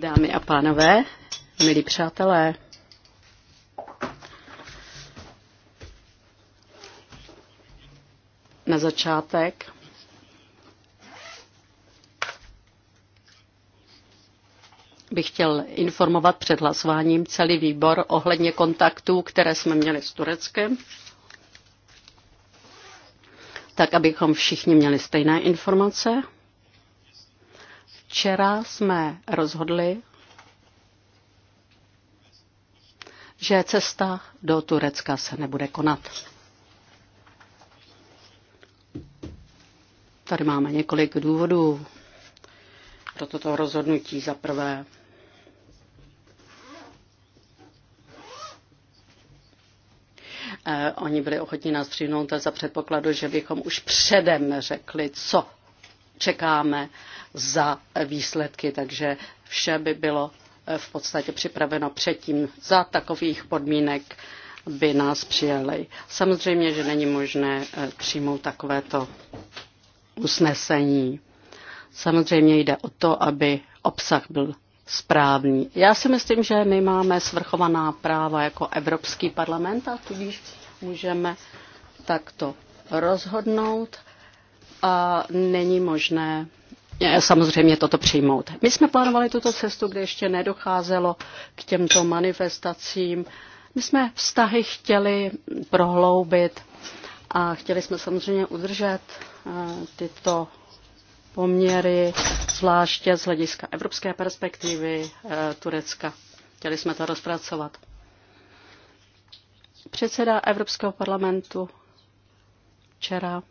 Dámy a pánové, milí přátelé, na začátek bych chtěl informovat před hlasováním celý výbor ohledně kontaktů, které jsme měli s Tureckem, tak abychom všichni měli stejné informace. Včera jsme rozhodli, že cesta do Turecka se nebude konat. Tady máme několik důvodů pro toto rozhodnutí. Za prvé, eh, oni byli ochotní nás přijmout za předpokladu, že bychom už předem řekli, co čekáme za výsledky, takže vše by bylo eh, v podstatě připraveno předtím. Za takových podmínek by nás přijeli. Samozřejmě, že není možné eh, přijmout takovéto usnesení. Samozřejmě jde o to, aby obsah byl správný. Já si myslím, že my máme svrchovaná práva jako Evropský parlament a tudíž můžeme takto rozhodnout a není možné eh, samozřejmě toto přijmout. My jsme plánovali tuto cestu, kde ještě nedocházelo k těmto manifestacím. My jsme vztahy chtěli prohloubit a chtěli jsme samozřejmě udržet eh, tyto poměry, zvláště z hlediska evropské perspektivy eh, Turecka. Chtěli jsme to rozpracovat. Předseda Evropského parlamentu včera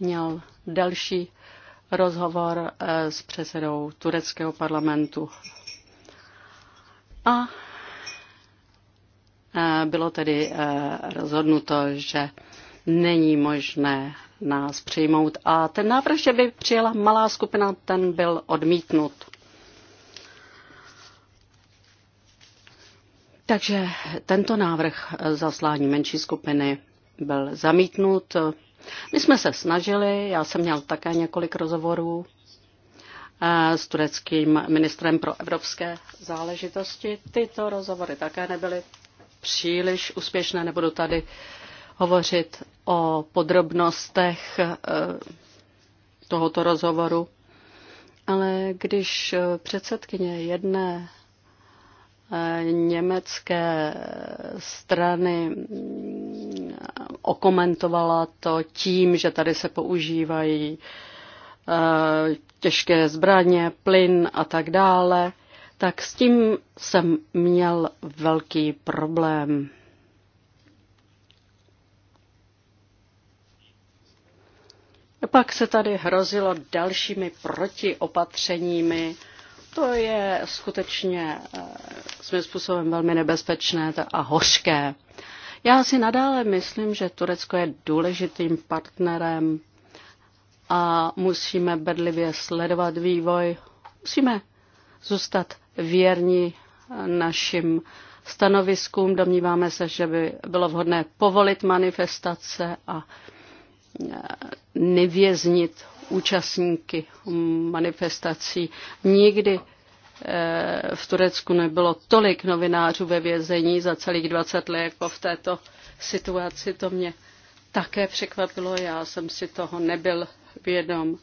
měl další rozhovor eh, s předsedou tureckého parlamentu. A eh, bylo tedy eh, rozhodnuto, že není možné nás přijmout. A ten návrh, že by přijela malá skupina, ten byl odmítnut. Takže tento návrh zaslání menší skupiny byl zamítnut. My jsme se snažili, já jsem měl také několik rozhovorů eh, s tureckým ministrem pro evropské záležitosti. Tyto rozhovory také nebyly příliš úspěšné, nebudu tady hovořit o podrobnostech eh, tohoto rozhovoru. Ale když předsedkyně jedné eh, německé strany okomentovala to tím, že tady se používají eh, těžké zbraně, plyn a tak dále, tak s tím jsem měl velký problém. Pak se tady hrozilo dalšími protiopatřeními. To je skutečně eh, svým způsobem velmi nebezpečné a hořké. Já si nadále myslím, že Turecko je důležitým partnerem a musíme bedlivě sledovat vývoj. Musíme zůstat věrní našim stanoviskům. Domníváme se, že by bylo vhodné povolit manifestace a e, nevěznit účastníky manifestací. Nikdy v Turecku nebylo tolik novinářů ve vězení za celých 20 let jako v této situaci. To mě také překvapilo, já jsem si toho nebyl vědom.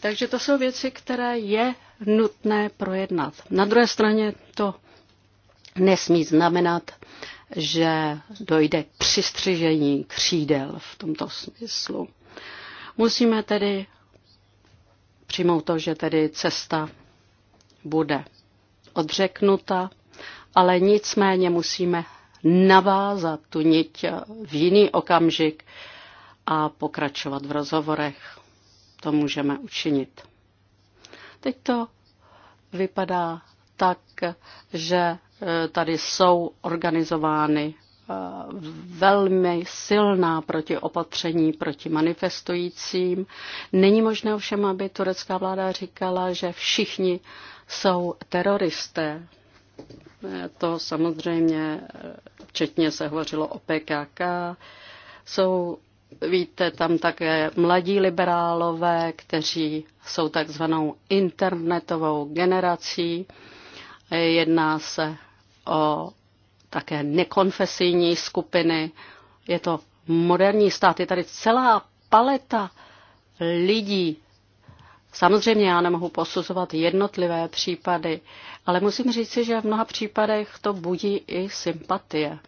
Takže to jsou věci, které je nutné projednat. Na druhé straně to nesmí znamenat, že dojde k přistřižení křídel v tomto smyslu. Musíme tedy přijmout to, že tedy cesta bude odřeknuta, ale nicméně musíme navázat tu niť v jiný okamžik a pokračovat v rozhovorech. To můžeme učinit. Teď to vypadá tak, že eh, tady jsou organizovány velmi silná proti opatření, proti manifestujícím. Není možné ovšem, aby turecká vláda říkala, že všichni jsou teroristé. To samozřejmě, včetně se hovořilo o PKK, jsou, víte, tam také mladí liberálové, kteří jsou takzvanou internetovou generací. Jedná se o také nekonfesijní skupiny. Je to moderní stát, je tady celá paleta lidí. Samozřejmě já nemohu posuzovat jednotlivé případy, ale musím říci, že v mnoha případech to budí i sympatie.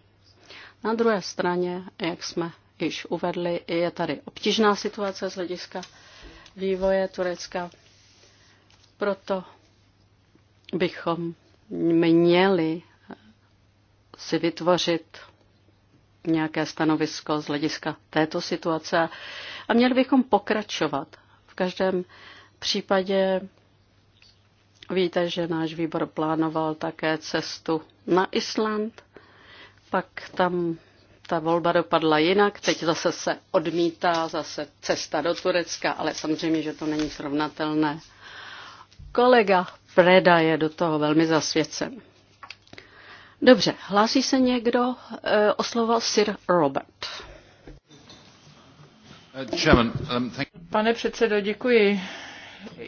Na druhé straně, jak jsme již uvedli, je tady obtížná situace z hlediska vývoje Turecka. Proto bychom měli si vytvořit nějaké stanovisko z hlediska této situace a měli bychom pokračovat. V každém případě víte, že náš výbor plánoval také cestu na Island, pak tam ta volba dopadla jinak, teď zase se odmítá, zase cesta do Turecka, ale samozřejmě, že to není srovnatelné. Kolega Preda je do toho velmi zasvěcen. Dobře, hlásí se někdo Uh, eh, oslovoval Sir Robert. Uh, um, Pane předsedo, děkuji.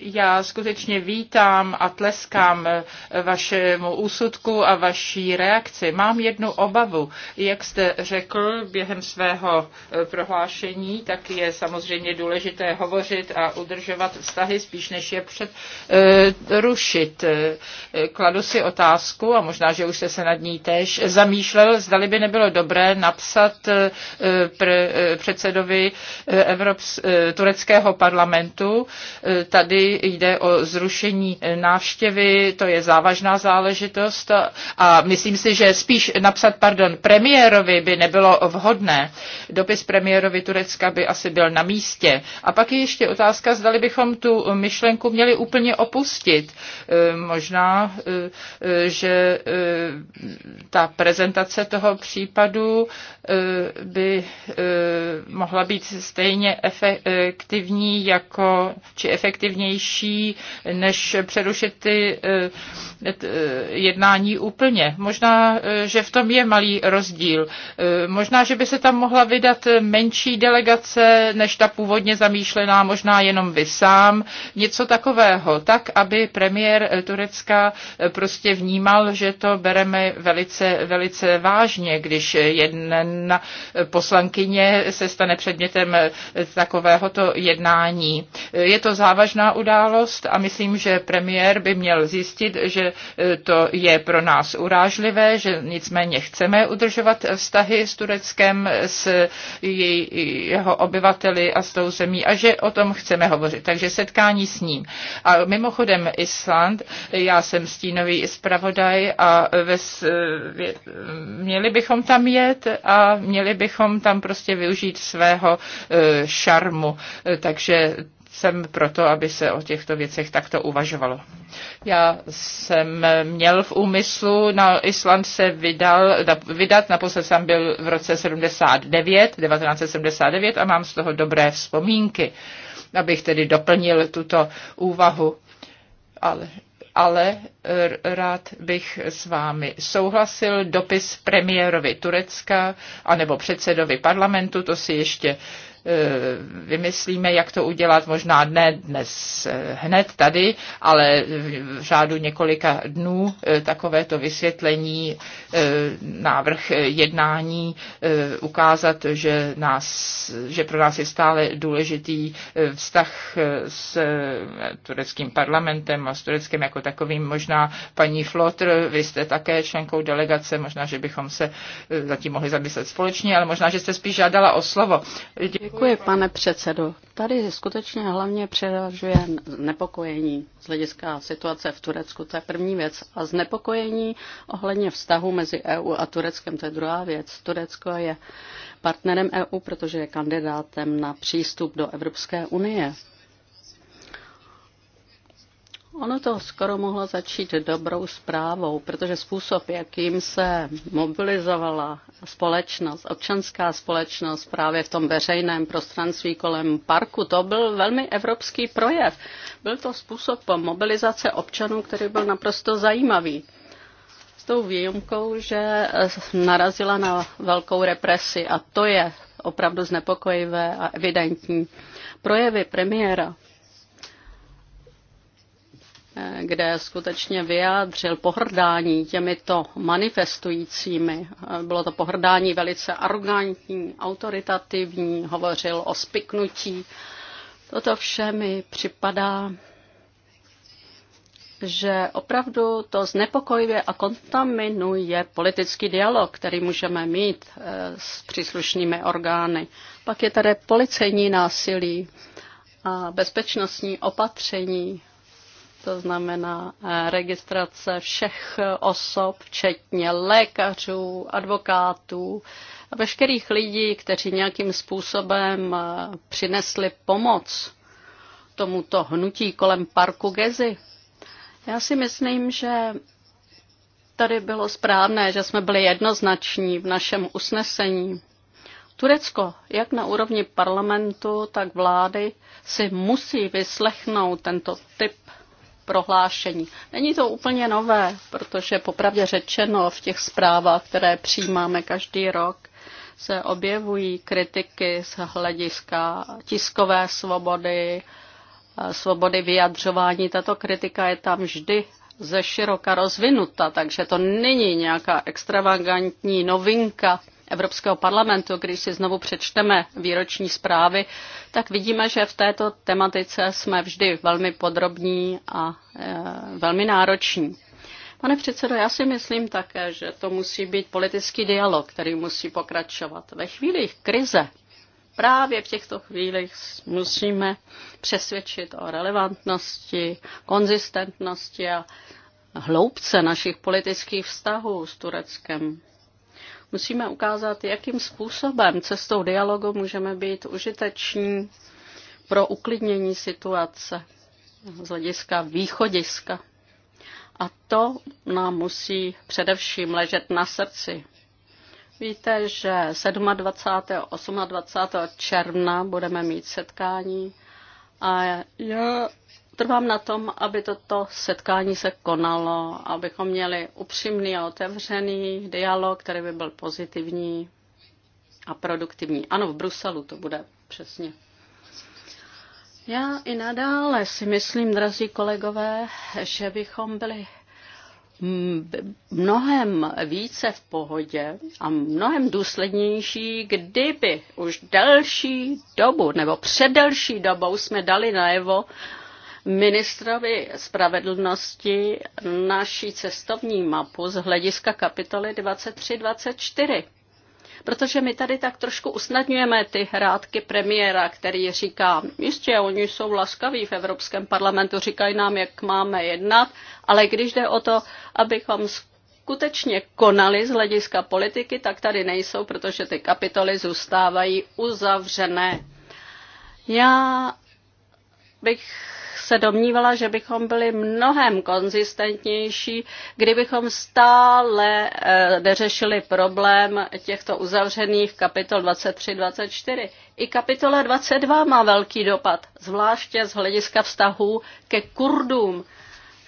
Já skutečně vítám a tleskám eh, vašemu úsudku a vaší reakci. Mám jednu obavu. Jak jste řekl během svého eh, prohlášení, tak je samozřejmě důležité hovořit a udržovat vztahy spíš než je před, eh, rušit. Kladu si otázku a možná, že už jste se nad ní tež zamýšlel, zdali by nebylo dobré napsat předsedovi Evrops, tureckého parlamentu ta Tady jde o zrušení návštěvy, to je závažná záležitost a myslím si, že spíš napsat, pardon, premiérovi by nebylo vhodné. Dopis premiérovi Turecka by asi byl na místě. A pak je ještě otázka, zdali bychom tu myšlenku měli úplně opustit. E, možná, e, e, že ta prezentace toho případu by mohla být stejně efektivní jako, či efektivní efektivnější, než přerušit ty eh, eh, jednání úplně. Možná, eh, že v tom je malý rozdíl. Možná, že by se tam mohla vydat menší delegace, než ta původně zamýšlená, možná jenom vy sám, něco takového, tak, aby premiér Turecka prostě vnímal, že to bereme velice, velice vážně, když jedna poslankyně se stane předmětem takovéhoto jednání. Je to závažné vážná událost a myslím, že premiér by měl zjistit, že e, to je pro nás urážlivé, že nicméně chceme udržovat vztahy s Tureckem, s jeho obyvateli a s tou zemí a že o tom chceme hovořit. Takže setkání s ním. A mimochodem Island, já jsem stínový zpravodaj a ve, měli bychom tam jet a měli bychom tam prostě využít svého e, šarmu. E, takže jsem proto, aby se o těchto věcech takto uvažovalo. Já jsem měl v úmyslu na Island se vydal, na, vydat, naposled jsem byl v roce 79, 1979 a mám z toho dobré vzpomínky, abych tedy doplnil tuto úvahu. Ale ale rád bych s vámi souhlasil dopis premiérovi Turecka anebo předsedovi parlamentu, to si ještě Eh, vymyslíme, jak to udělat, možná ne dnes eh, hned tady, ale v řádu několika dnů eh, takovéto vysvětlení, návrh jednání, ukázat, že, nás, že pro nás je stále důležitý vztah s tureckým parlamentem a s tureckým jako takovým. Možná paní Flotr, vy jste také členkou delegace, možná, že bychom se zatím mohli zamyslet společně, ale možná, že jste spíš žádala o slovo. Děkuji. Děkuji, pane předsedo. Tady skutečně hlavně přeražuje znepokojení z hlediska situace v Turecku. To je první věc. A znepokojení ohledně vztahu mezi EU a Tureckem, to je druhá věc. Turecko je partnerem EU, protože je kandidátem na přístup do Evropské unie. Ono to skoro mohlo začít dobrou zprávou, protože způsob, jakým se mobilizovala společnost, občanská společnost právě v tom veřejném prostranství kolem parku, to byl velmi evropský projev. Byl to způsob mobilizace občanů, který byl naprosto zajímavý. S tou výjimkou, že narazila na velkou represi a to je opravdu znepokojivé a evidentní. Projevy premiéra kde skutečně vyjádřil pohrdání těmito manifestujícími. Bylo to pohrdání velice arrogantní, autoritativní, hovořil o spiknutí. Toto vše mi připadá, že opravdu to znepokojuje a kontaminuje politický dialog, který můžeme mít eh, s příslušnými orgány. Pak je tady policejní násilí a bezpečnostní opatření to znamená eh, registrace všech osob, včetně lékařů, advokátů a veškerých lidí, kteří nějakým způsobem eh, přinesli pomoc tomuto hnutí kolem parku Gezi. Já si myslím, že tady bylo správné, že jsme byli jednoznační v našem usnesení. Turecko, jak na úrovni parlamentu, tak vlády, si musí vyslechnout tento typ prohlášení. Není to úplně nové, protože popravdě řečeno v těch zprávách, které přijímáme každý rok, se objevují kritiky z hlediska tiskové svobody, eh, svobody vyjadřování. Tato kritika je tam vždy ze široka rozvinuta, takže to není nějaká extravagantní novinka. Evropského parlamentu, když si znovu přečteme výroční zprávy, tak vidíme, že v této tematice jsme vždy velmi podrobní a e, velmi nároční. Pane předsedo, já si myslím také, že to musí být politický dialog, který musí pokračovat. Ve chvílích krize, právě v těchto chvílích musíme přesvědčit o relevantnosti, konzistentnosti a hloubce našich politických vztahů s Tureckem. Musíme ukázat, jakým způsobem cestou dialogu můžeme být užiteční pro uklidnění situace z hlediska východiska. A to nám musí především ležet na srdci. Víte, že 27. a 28. června budeme mít setkání a já Trvám na tom, aby toto setkání se konalo, abychom měli upřímný a otevřený dialog, který by byl pozitivní a produktivní. Ano, v Bruselu to bude přesně. Já i nadále si myslím, drazí kolegové, že bychom byli mnohem více v pohodě a mnohem důslednější, kdyby už delší dobu nebo před delší dobou jsme dali najevo, ministrovi spravedlnosti naší cestovní mapu z hlediska kapitoly 2324. Protože my tady tak trošku usnadňujeme ty hrádky premiéra, který říká, jistě, oni jsou laskaví v Evropském parlamentu, říkají nám, jak máme jednat, ale když jde o to, abychom skutečně konali z hlediska politiky, tak tady nejsou, protože ty kapitoly zůstávají uzavřené. Já bych se domnívala, že bychom byli mnohem konzistentnější, kdybychom stále eh, neřešili problém těchto uzavřených kapitol 23-24. I kapitola 22 má velký dopad, zvláště z hlediska vztahů ke Kurdům.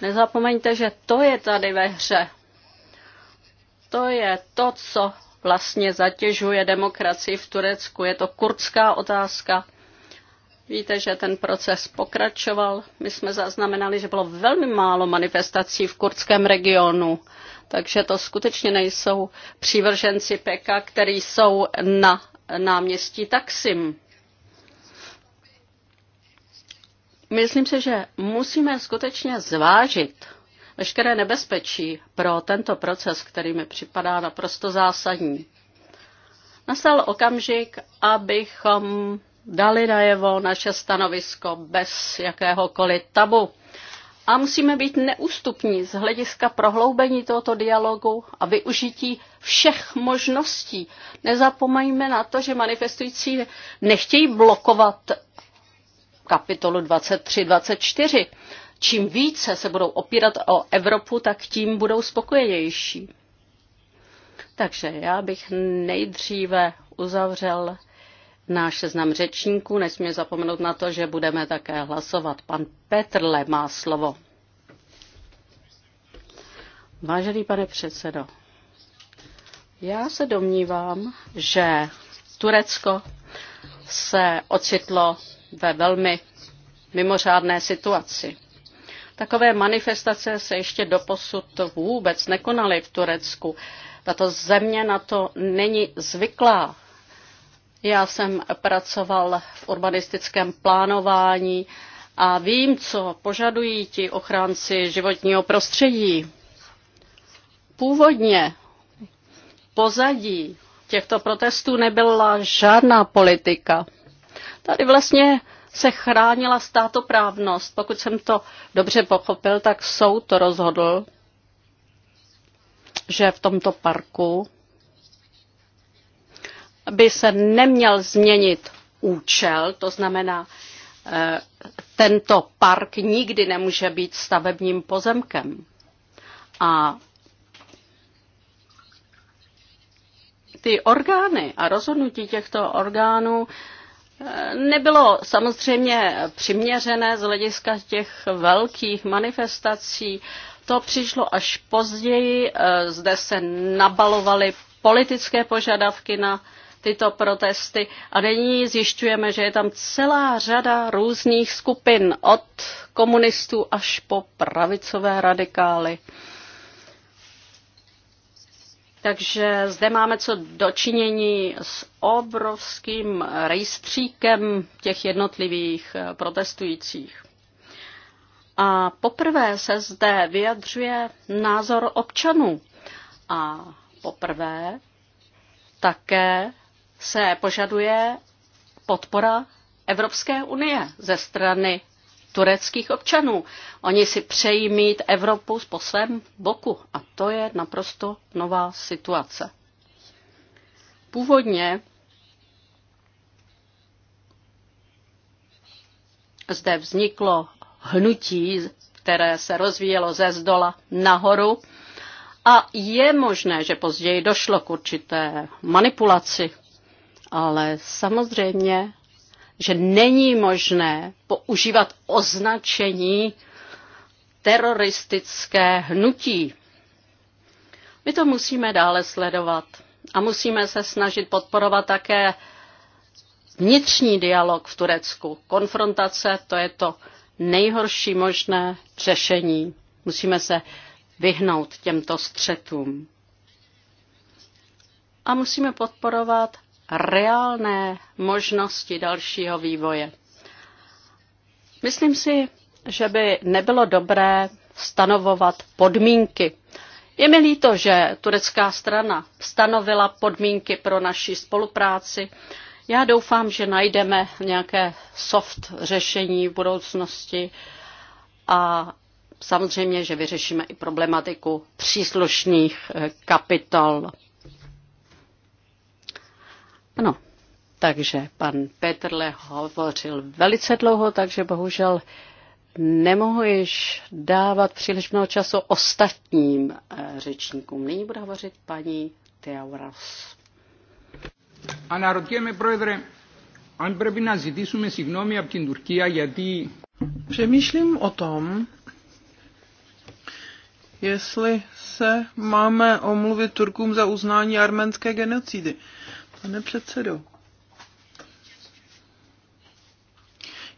Nezapomeňte, že to je tady ve hře. To je to, co vlastně zatěžuje demokracii v Turecku. Je to kurdská otázka Víte, že ten proces pokračoval. My jsme zaznamenali, že bylo velmi málo manifestací v kurdském regionu, takže to skutečně nejsou přívrženci PK, který jsou na náměstí Taksim. Myslím si, že musíme skutečně zvážit veškeré nebezpečí pro tento proces, který mi připadá naprosto zásadní. Nastal okamžik, abychom dali najevo naše stanovisko bez jakéhokoliv tabu. A musíme být neústupní z hlediska prohloubení tohoto dialogu a využití všech možností. Nezapomeňme na to, že manifestující nechtějí blokovat kapitolu 23-24. Čím více se budou opírat o Evropu, tak tím budou spokojenější. Takže já bych nejdříve uzavřel náš seznam řečníků. Nesmíme zapomenout na to, že budeme také hlasovat. Pan Petrle má slovo. Vážený pane předsedo, já se domnívám, že Turecko se ocitlo ve velmi mimořádné situaci. Takové manifestace se ještě doposud vůbec nekonaly v Turecku. Tato země na to není zvyklá. Já jsem pracoval v urbanistickém plánování a vím, co požadují ti ochránci životního prostředí. Původně pozadí těchto protestů nebyla žádná politika. Tady vlastně se chránila státoprávnost. Pokud jsem to dobře pochopil, tak soud rozhodl, že v tomto parku by se neměl změnit účel, to znamená, eh, tento park nikdy nemůže být stavebním pozemkem. A ty orgány a rozhodnutí těchto orgánů eh, nebylo samozřejmě přiměřené z hlediska těch velkých manifestací. To přišlo až později, eh, zde se nabalovaly politické požadavky na tyto protesty a denní zjišťujeme, že je tam celá řada různých skupin od komunistů až po pravicové radikály. Takže zde máme co dočinění s obrovským rejstříkem těch jednotlivých eh, protestujících. A poprvé se zde vyjadřuje názor občanů. A poprvé také se požaduje podpora Evropské unie ze strany tureckých občanů. Oni si přejí mít Evropu po svém boku a to je naprosto nová situace. Původně zde vzniklo hnutí, které se rozvíjelo ze zdola nahoru a je možné, že později došlo k určité manipulaci ale samozřejmě, že není možné používat označení teroristické hnutí. My to musíme dále sledovat a musíme se snažit podporovat také vnitřní dialog v Turecku. Konfrontace to je to nejhorší možné řešení. Musíme se vyhnout těmto střetům. A musíme podporovat reálné možnosti dalšího vývoje. Myslím si, že by nebylo dobré stanovovat podmínky. Je mi líto, že turecká strana stanovila podmínky pro naši spolupráci. Já doufám, že najdeme nějaké soft řešení v budoucnosti a samozřejmě, že vyřešíme i problematiku příslušných kapitol. Ano, takže pan Petrle hovořil velice dlouho, takže bohužel nemohu již dávat příliš mnoho času ostatním eh, řečníkům. Nyní bude hovořit paní Teauras. Αναρωτιέμαι, Πρόεδρε, αν πρέπει να ζητήσουμε συγγνώμη από την Τουρκία γιατί... Přemýšlím o tom, jestli se máme omluvit Turkům za uznání arménské genocidy. Pane předsedo,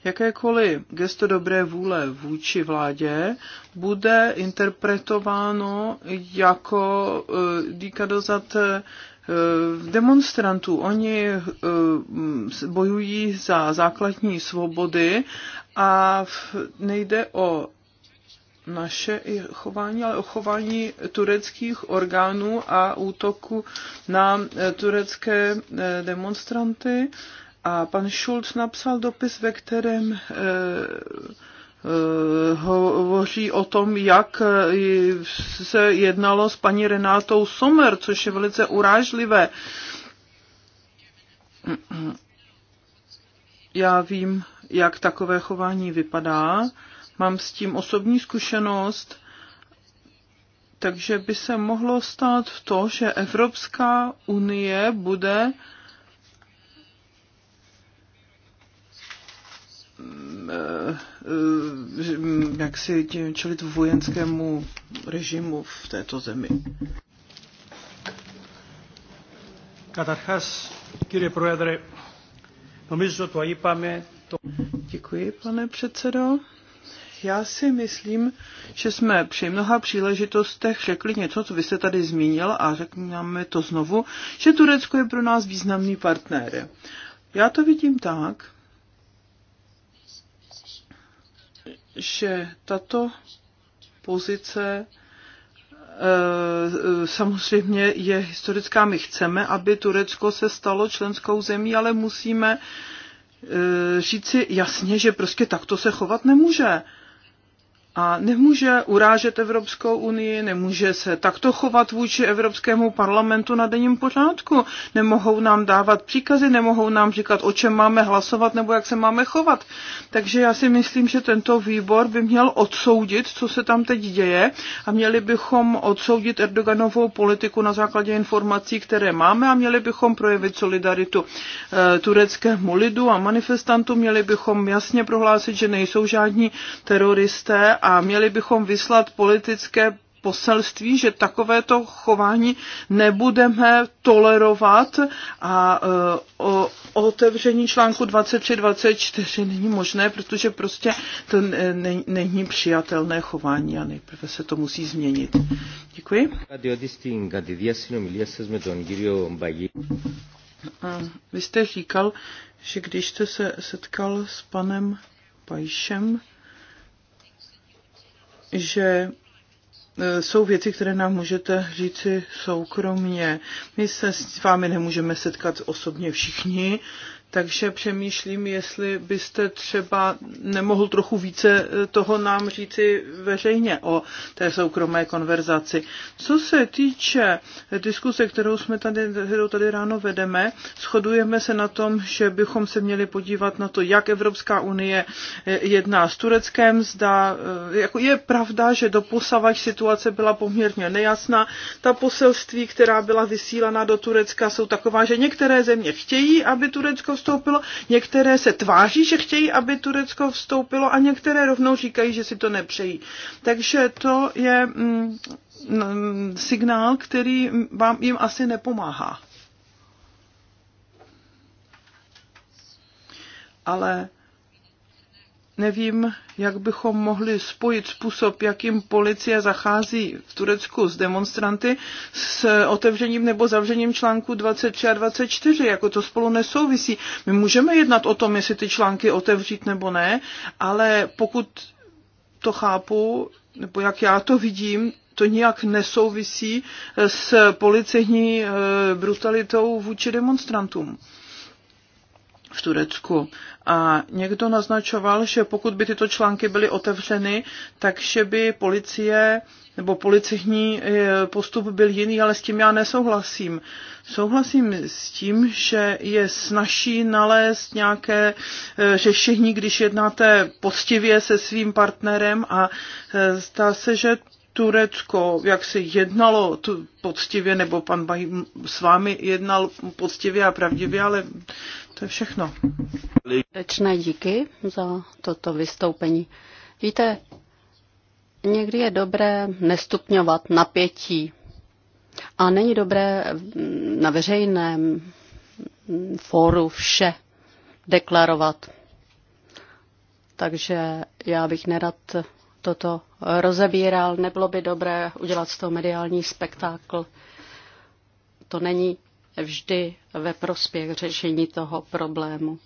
jakékoliv gesto dobré vůle vůči vládě bude interpretováno jako uh, eh, díkadozat eh, demonstrantů. Oni eh, bojují za základní svobody a nejde o naše chování, ale o chování tureckých orgánů a útoku na e, turecké e, demonstranty. A pan Schulz napsal dopis, ve kterém e, hovoří o tom, jak se jednalo s paní Renátou Sommer, což je velice urážlivé. Já vím, jak takové chování vypadá mám s tím osobní zkušenost, takže by se mohlo stát v to, že Evropská unie bude eh, eh, jak si čelit vojenskému režimu v této zemi. Καταρχάς, κύριε no my το είπαμε... Το... Děkuji, pane předsedo. Já si myslím, že jsme při mnoha příležitostech řekli něco, co vy jste tady zmínil a řekneme to znovu, že Turecko je pro nás významný partner. Já to vidím tak, že tato pozice eh, samozřejmě je historická. My chceme, aby Turecko se stalo členskou zemí, ale musíme eh, říci jasně, že prostě takto se chovat nemůže a nemůže urážet Evropskou unii, nemůže se takto chovat vůči Evropskému parlamentu na denním pořádku. Nemohou nám dávat příkazy, nemohou nám říkat, o čem máme hlasovat nebo jak se máme chovat. Takže já si myslím, že tento výbor by měl odsoudit, co se tam teď děje a měli bychom odsoudit Erdoganovou politiku na základě informací, které máme a měli bychom projevit solidaritu e, tureckému lidu a manifestantům. Měli bychom jasně prohlásit, že nejsou žádní teroristé a měli bychom vyslat politické poselství, že takovéto chování nebudeme tolerovat a e, o, otevření článku 23-24 není možné, protože prostě to ne, není přijatelné chování a nejprve se to musí změnit. Děkuji. Vy jste říkal, že když jste se setkal s panem Pajšem, že e, jsou věci, které nám můžete říci soukromně. My se s vámi nemůžeme setkat osobně všichni, takže přemýšlím, jestli byste třeba nemohl trochu více eh, toho nám říci veřejně o té soukromé konverzaci. Co se týče eh, diskuse, kterou jsme tady, kterou tady ráno vedeme, shodujeme se na tom, že bychom se měli podívat na to, jak Evropská unie eh, jedná s Tureckem. Zda, jako je pravda, že do posavač situace byla poměrně nejasná. Ta poselství, která byla vysílaná do Turecka, jsou taková, že některé země chtějí, aby Turecko vstoupilo. Některé se tváří, že chtějí, aby Turecko vstoupilo a některé rovnou říkají, že si to nepřejí. Takže to je mm, mm signál, který vám jim asi nepomáhá. Ale nevím, jak bychom mohli spojit způsob, jakým policie zachází v Turecku s demonstranty s otevřením nebo zavřením článku 23 a 24, jako to spolu nesouvisí. My můžeme jednat o tom, jestli ty články otevřít nebo ne, ale pokud to chápu, nebo jak já to vidím, to nijak nesouvisí s policejní eh, brutalitou vůči demonstrantům v Turecku. A někdo naznačoval, že pokud by tyto články byly otevřeny, takže by policie nebo policijní eh, postup byl jiný, ale s tím já nesouhlasím. Souhlasím s tím, že je snažší nalézt nějaké eh, řešení, když jednáte poctivě se svým partnerem a eh, zdá se, že Turecko, jak se jednalo tu, poctivě, nebo pan Bahim s vámi jednal poctivě a pravdivě, ale to je všechno. Srdečné díky za toto vystoupení. Víte, někdy je dobré nestupňovat napětí. A není dobré na veřejném fóru vše deklarovat. Takže já bych nerad toto rozebíral. Nebylo by dobré udělat z toho mediální spektákl. To není vždy ve prospěch řešení toho problému.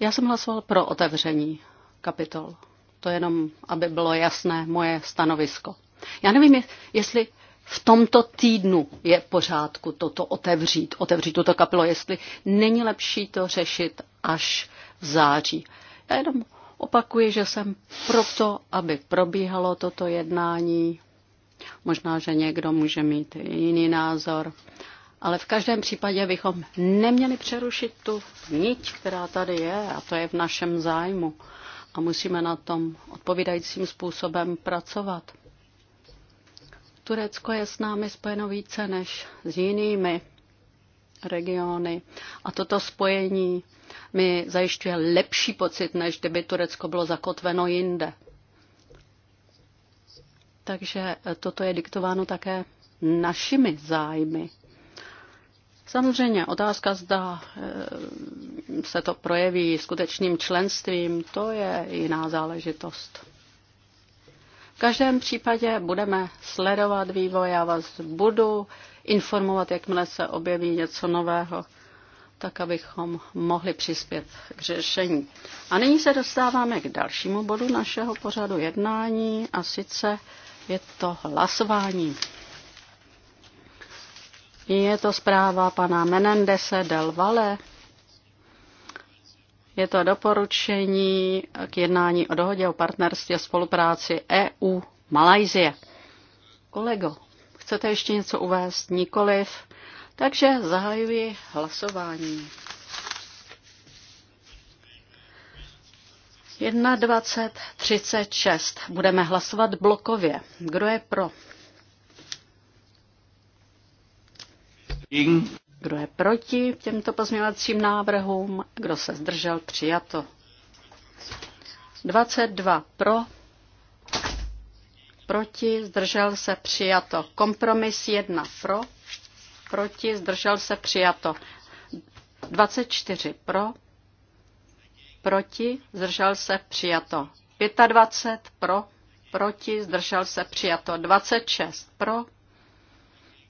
Já jsem hlasoval pro otevření kapitol. To jenom, aby bylo jasné moje stanovisko. Já nevím, jestli v tomto týdnu je v pořádku toto otevřít, otevřít tuto kapilo, jestli není lepší to řešit až v září. Já jenom opakuji, že jsem proto, aby probíhalo toto jednání. Možná, že někdo může mít jiný názor, ale v každém případě bychom neměli přerušit tu niť, která tady je a to je v našem zájmu a musíme na tom odpovídajícím způsobem pracovat. Turecko je s námi spojeno více než s jinými regiony a toto spojení mi zajišťuje lepší pocit, než kdyby Turecko bylo zakotveno jinde. Takže toto je diktováno také našimi zájmy. Samozřejmě otázka, zda eh, se to projeví skutečným členstvím, to je jiná záležitost. V každém případě budeme sledovat vývoj, já vás budu informovat, jakmile se objeví něco nového, tak abychom mohli přispět k řešení. A nyní se dostáváme k dalšímu bodu našeho pořadu jednání a sice je to hlasování. Je to zpráva pana Menendese del Valle. Je to doporučení k jednání o dohodě o partnerství a spolupráci EU Malajzie. Kolego, chcete ještě něco uvést? Nikoliv. Takže zahajuji hlasování. 21.36. Budeme hlasovat blokově. Kdo je pro? Kdo je proti těmto pozměňovacím návrhům? Kdo se zdržel? Přijato. 22 pro, proti, zdržel se, přijato. Kompromis 1 pro, proti, zdržel se, přijato. 24 pro, proti, zdržel se, přijato. 25 pro, proti, zdržel se, přijato. 26 pro,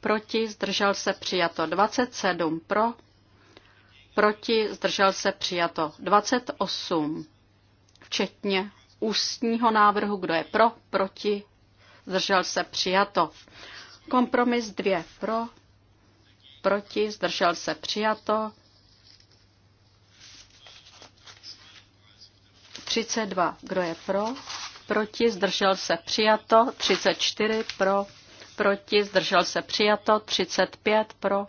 proti, zdržel se přijato 27 pro, proti, zdržel se přijato 28, včetně ústního návrhu, kdo je pro, proti, zdržel se přijato. Kompromis 2 pro, proti, zdržel se přijato. 32, kdo je pro, proti, zdržel se přijato. 34 pro, proti, zdržel se přijato, 35 pro,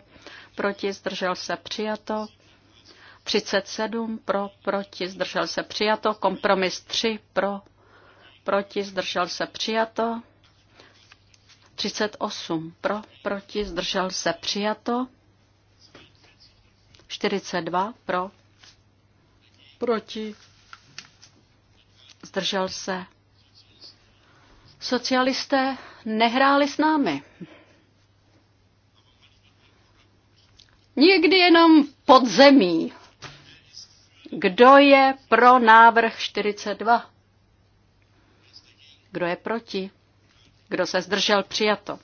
proti, zdržel se přijato, 37 pro, proti, zdržel se přijato, kompromis 3 pro, proti, zdržel se přijato, 38 pro, proti, zdržel se přijato, 42 pro, proti, zdržel se Socialisté nehráli s námi. Někdy jenom podzemí. Kdo je pro návrh 42? Kdo je proti? Kdo se zdržel přijato?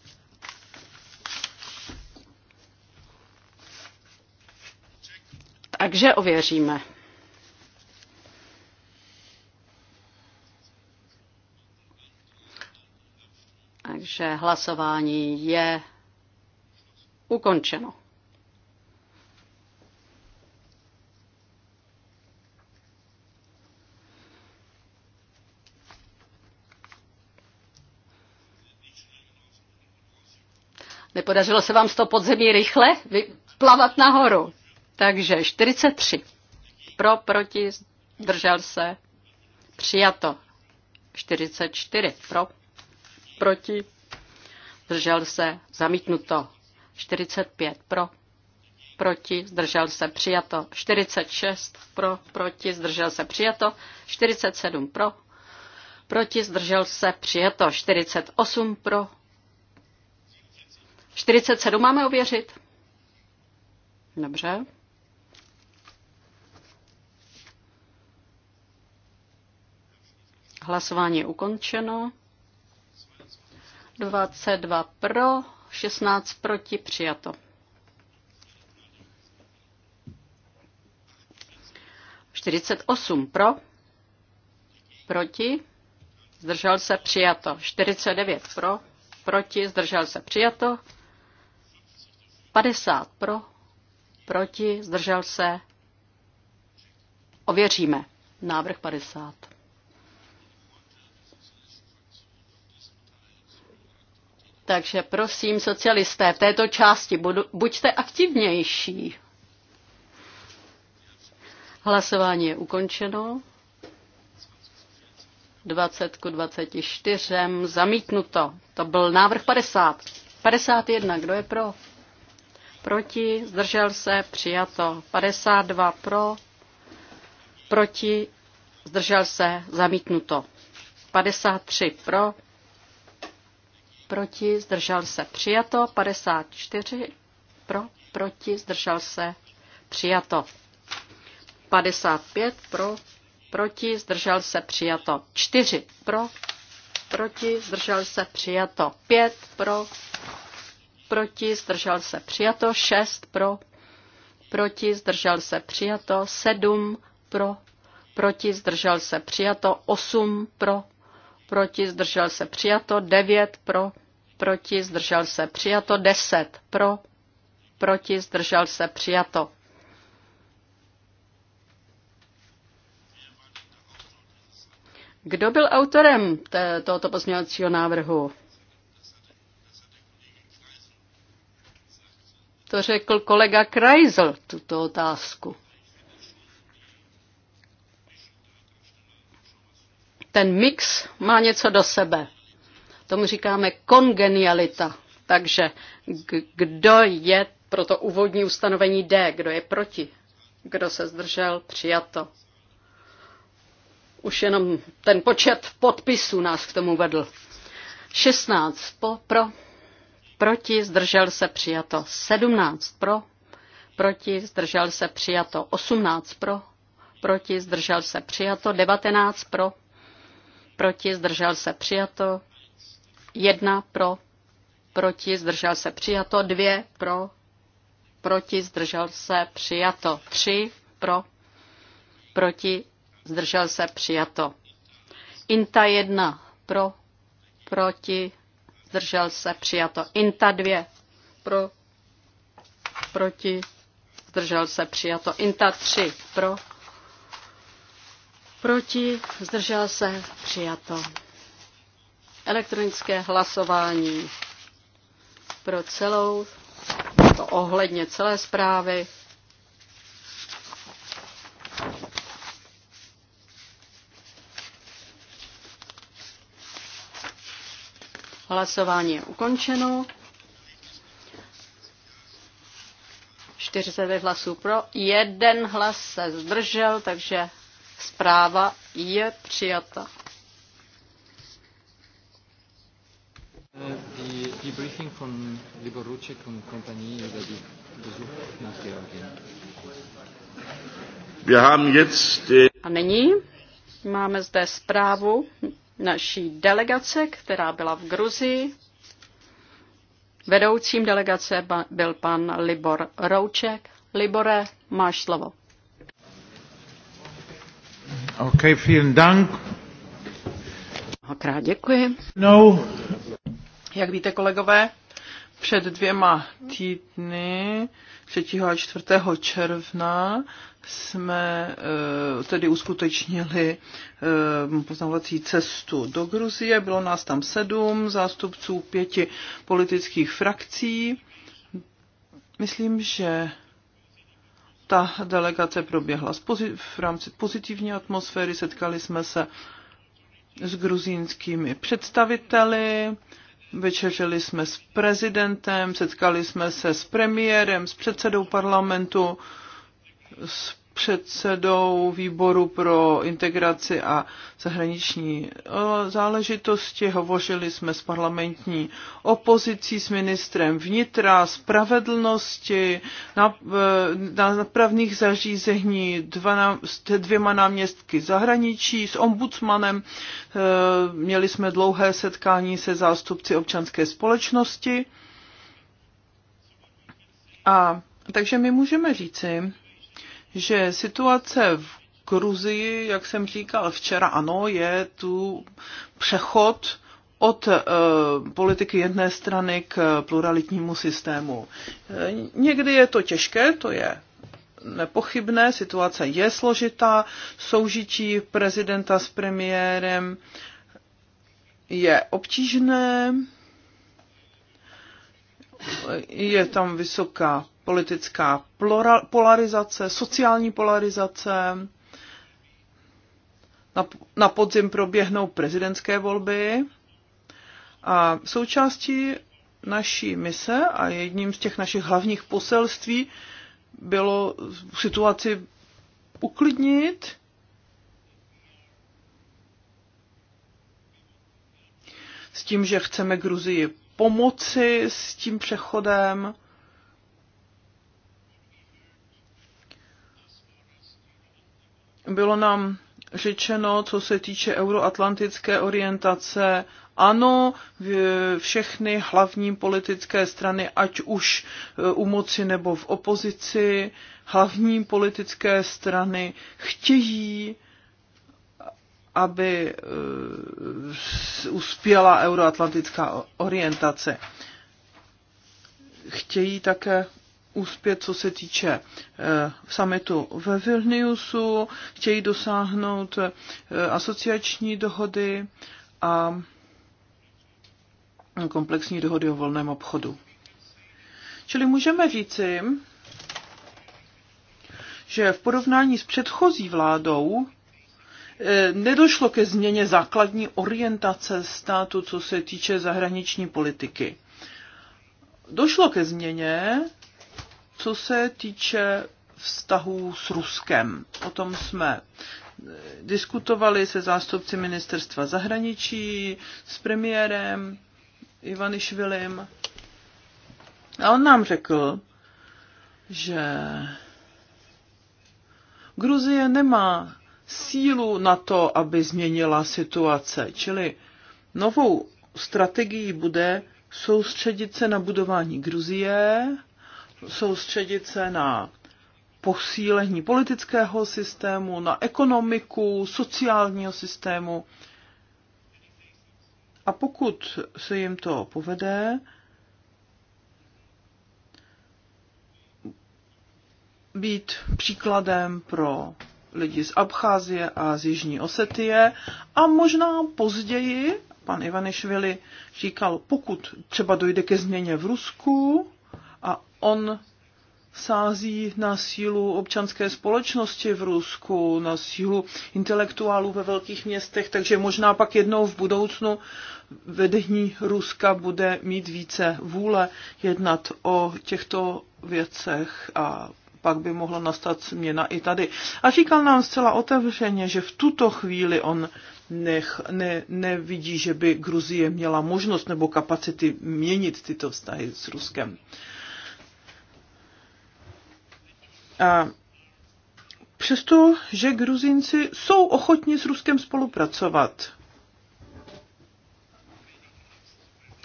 Takže ověříme. Naše hlasování je ukončeno. Nepodařilo se vám z toho podzemí rychle vyplavat nahoru. Takže 43. Pro, proti, držel se. Přijato. 44. Pro, proti, zdržel se, zamítnuto. 45 pro, proti, zdržel se, přijato. 46 pro, proti, zdržel se, přijato. 47 pro, proti, zdržel se, přijato. 48 pro. 47 máme ověřit? Dobře. Hlasování je ukončeno. 22 pro, 16 proti, přijato. Čtyřicet osm pro, proti, zdržel se přijato. 49 pro, proti, zdržel se přijato. 50 pro, proti, zdržel se. Ověříme. Návrh 50. Takže prosím, socialisté, v této části budu, buďte aktivnější. Hlasování je ukončeno. 20 ku 24, zamítnuto. To byl návrh 50. 51, kdo je pro? Proti, zdržel se, přijato. 52 pro, proti, zdržel se, zamítnuto. 53 pro, proti, zdržel se přijato, 54 pro, proti, zdržel se přijato, 55 pro, proti, zdržel se přijato, 4 pro, proti, zdržel se přijato, 5 pro, proti, zdržel se přijato, 6 pro, proti, zdržel se přijato, 7 pro, proti, zdržel se přijato, 8 pro, proti, zdržel se přijato, 9 pro, proti, zdržel se přijato, 10 pro, proti, zdržel se přijato. Kdo byl autorem tohoto pozměňovacího návrhu? To řekl kolega Kreisel, tuto otázku. Ten mix má něco do sebe. Tomu říkáme kongenialita. Takže kdo je pro to úvodní ustanovení D, kdo je proti, kdo se zdržel, přijato. Už jenom ten počet podpisů nás k tomu vedl. 16 po, pro, proti, zdržel se, přijato. 17 pro, proti, zdržel se, přijato. 18 pro, proti, zdržel se, přijato. 19 pro, proti, zdržel se přijato. Jedna pro, proti, zdržel se přijato. Dvě pro, proti, zdržel se přijato. Tři pro, proti, zdržel se přijato. Inta jedna pro, proti, zdržel se přijato. Inta dvě pro, proti, zdržel se přijato. Inta tři pro, Proti? Zdržel se? Přijato. Elektronické hlasování pro celou, to ohledně celé zprávy. Hlasování je ukončeno. 49 hlasů pro, jeden hlas se zdržel, takže Zpráva je přijata. The debriefing from Libor Ruček Wir haben jetzt äh, A nyní máme zde zprávu naší delegace, která byla v Gruzii. Vedoucím delegace byl pan Libor Rouček. Libore, máš slovo. Okay, vielen Dank. Mnohokrát děkuji. No. Jak víte, kolegové, před dvěma týdny, 3. a 4. června, jsme eh, tedy uskutečnili eh, poznávací cestu do Gruzie. Bylo nás tam sedm zástupců pěti politických frakcí. Myslím, že ta delegace proběhla v rámci pozitivní atmosféry, setkali jsme se s gruzínskými představiteli, večeřili jsme s prezidentem, setkali jsme se s premiérem, s předsedou parlamentu, s předsedou výboru pro integraci a zahraniční eh, záležitosti. Hovořili jsme s parlamentní opozicí, s ministrem vnitra, spravedlnosti, na, eh, na napravných zařízení, dva, s dvěma náměstky zahraničí, s ombudsmanem. Eh, měli jsme dlouhé setkání se zástupci občanské společnosti. A takže my můžeme říci, že situace v Gruzii, jak jsem říkal včera, ano, je tu přechod od e, politiky jedné strany k pluralitnímu systému. E, někdy je to těžké, to je nepochybné, situace je složitá, soužití prezidenta s premiérem je obtížné, je tam vysoká politická polarizace, sociální polarizace. Na podzim proběhnou prezidentské volby a součástí naší mise a jedním z těch našich hlavních poselství bylo situaci uklidnit, s tím, že chceme Gruzii pomoci s tím přechodem Bylo nám řečeno, co se týče euroatlantické orientace, ano, všechny hlavní politické strany, ať už e, u moci nebo v opozici, hlavní politické strany chtějí, aby e, uspěla euroatlantická orientace. Chtějí také úspět, co se týče eh, summitu ve Vilniusu, chtějí dosáhnout eh, asociační dohody a komplexní dohody o volném obchodu. Čili můžeme říci, že v porovnání s předchozí vládou eh, nedošlo ke změně základní orientace státu, co se týče zahraniční politiky. Došlo ke změně co se týče vztahů s Ruskem, o tom jsme eh, diskutovali se zástupci ministerstva zahraničí, s premiérem Ivanišvilim. A on nám řekl, že Gruzie nemá sílu na to, aby změnila situace. Čili novou strategií bude soustředit se na budování Gruzie, soustředit se na posílení politického systému, na ekonomiku, sociálního systému. A pokud se jim to povede, být příkladem pro lidi z Abcházie a z Jižní Osetie a možná později, pan Ivanišvili říkal, pokud třeba dojde ke změně v Rusku, on sází na sílu občanské společnosti v Rusku, na sílu intelektuálů ve velkých městech, takže možná pak jednou v budoucnu vedení Ruska bude mít více vůle jednat o těchto věcech a pak by mohla nastat změna i tady. A říkal nám zcela otevřeně, že v tuto chvíli on nech, ne, nevidí, že by Gruzie měla možnost nebo kapacity měnit tyto vztahy s Ruskem. Uh, přesto, že Gruzinci jsou ochotni s Ruskem spolupracovat.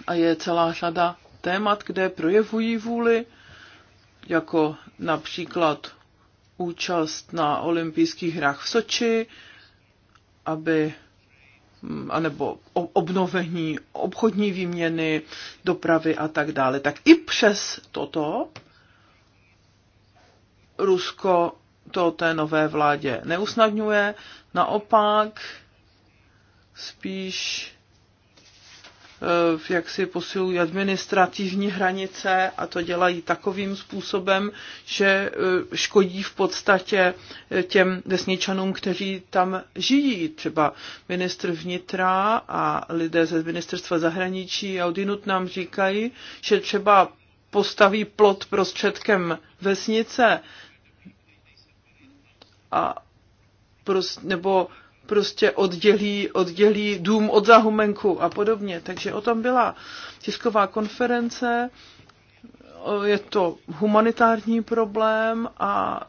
A je celá řada témat, kde projevují vůli, jako například účast na olympijských hrách v Soči, aby hm, anebo obnovení obchodní výměny, dopravy a tak dále. Tak i přes toto Rusko to té nové vládě neusnadňuje, naopak spíš eh, jak si posilují administrativní hranice a to dělají takovým způsobem, že eh, škodí v podstatě eh, těm vesničanům, kteří tam žijí. Třeba ministr vnitra a lidé ze ministerstva zahraničí a odinut nám říkají, že třeba postaví plot prostředkem vesnice, a prost, nebo prostě oddělí, oddělí dům od zahumenku a podobně. Takže o tom byla tisková konference, je to humanitární problém a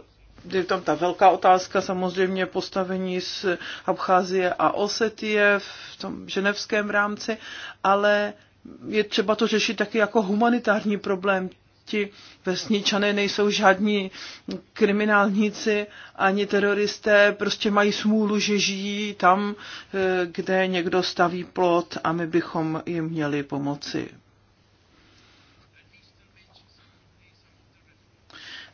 je tam ta velká otázka samozřejmě postavení z Abcházie a Osetie v tom ženevském rámci, ale je třeba to řešit taky jako humanitární problém ti vesničané nejsou žádní kriminálníci ani teroristé, prostě mají smůlu, že žijí tam, eh, kde někdo staví plot a my bychom jim měli pomoci.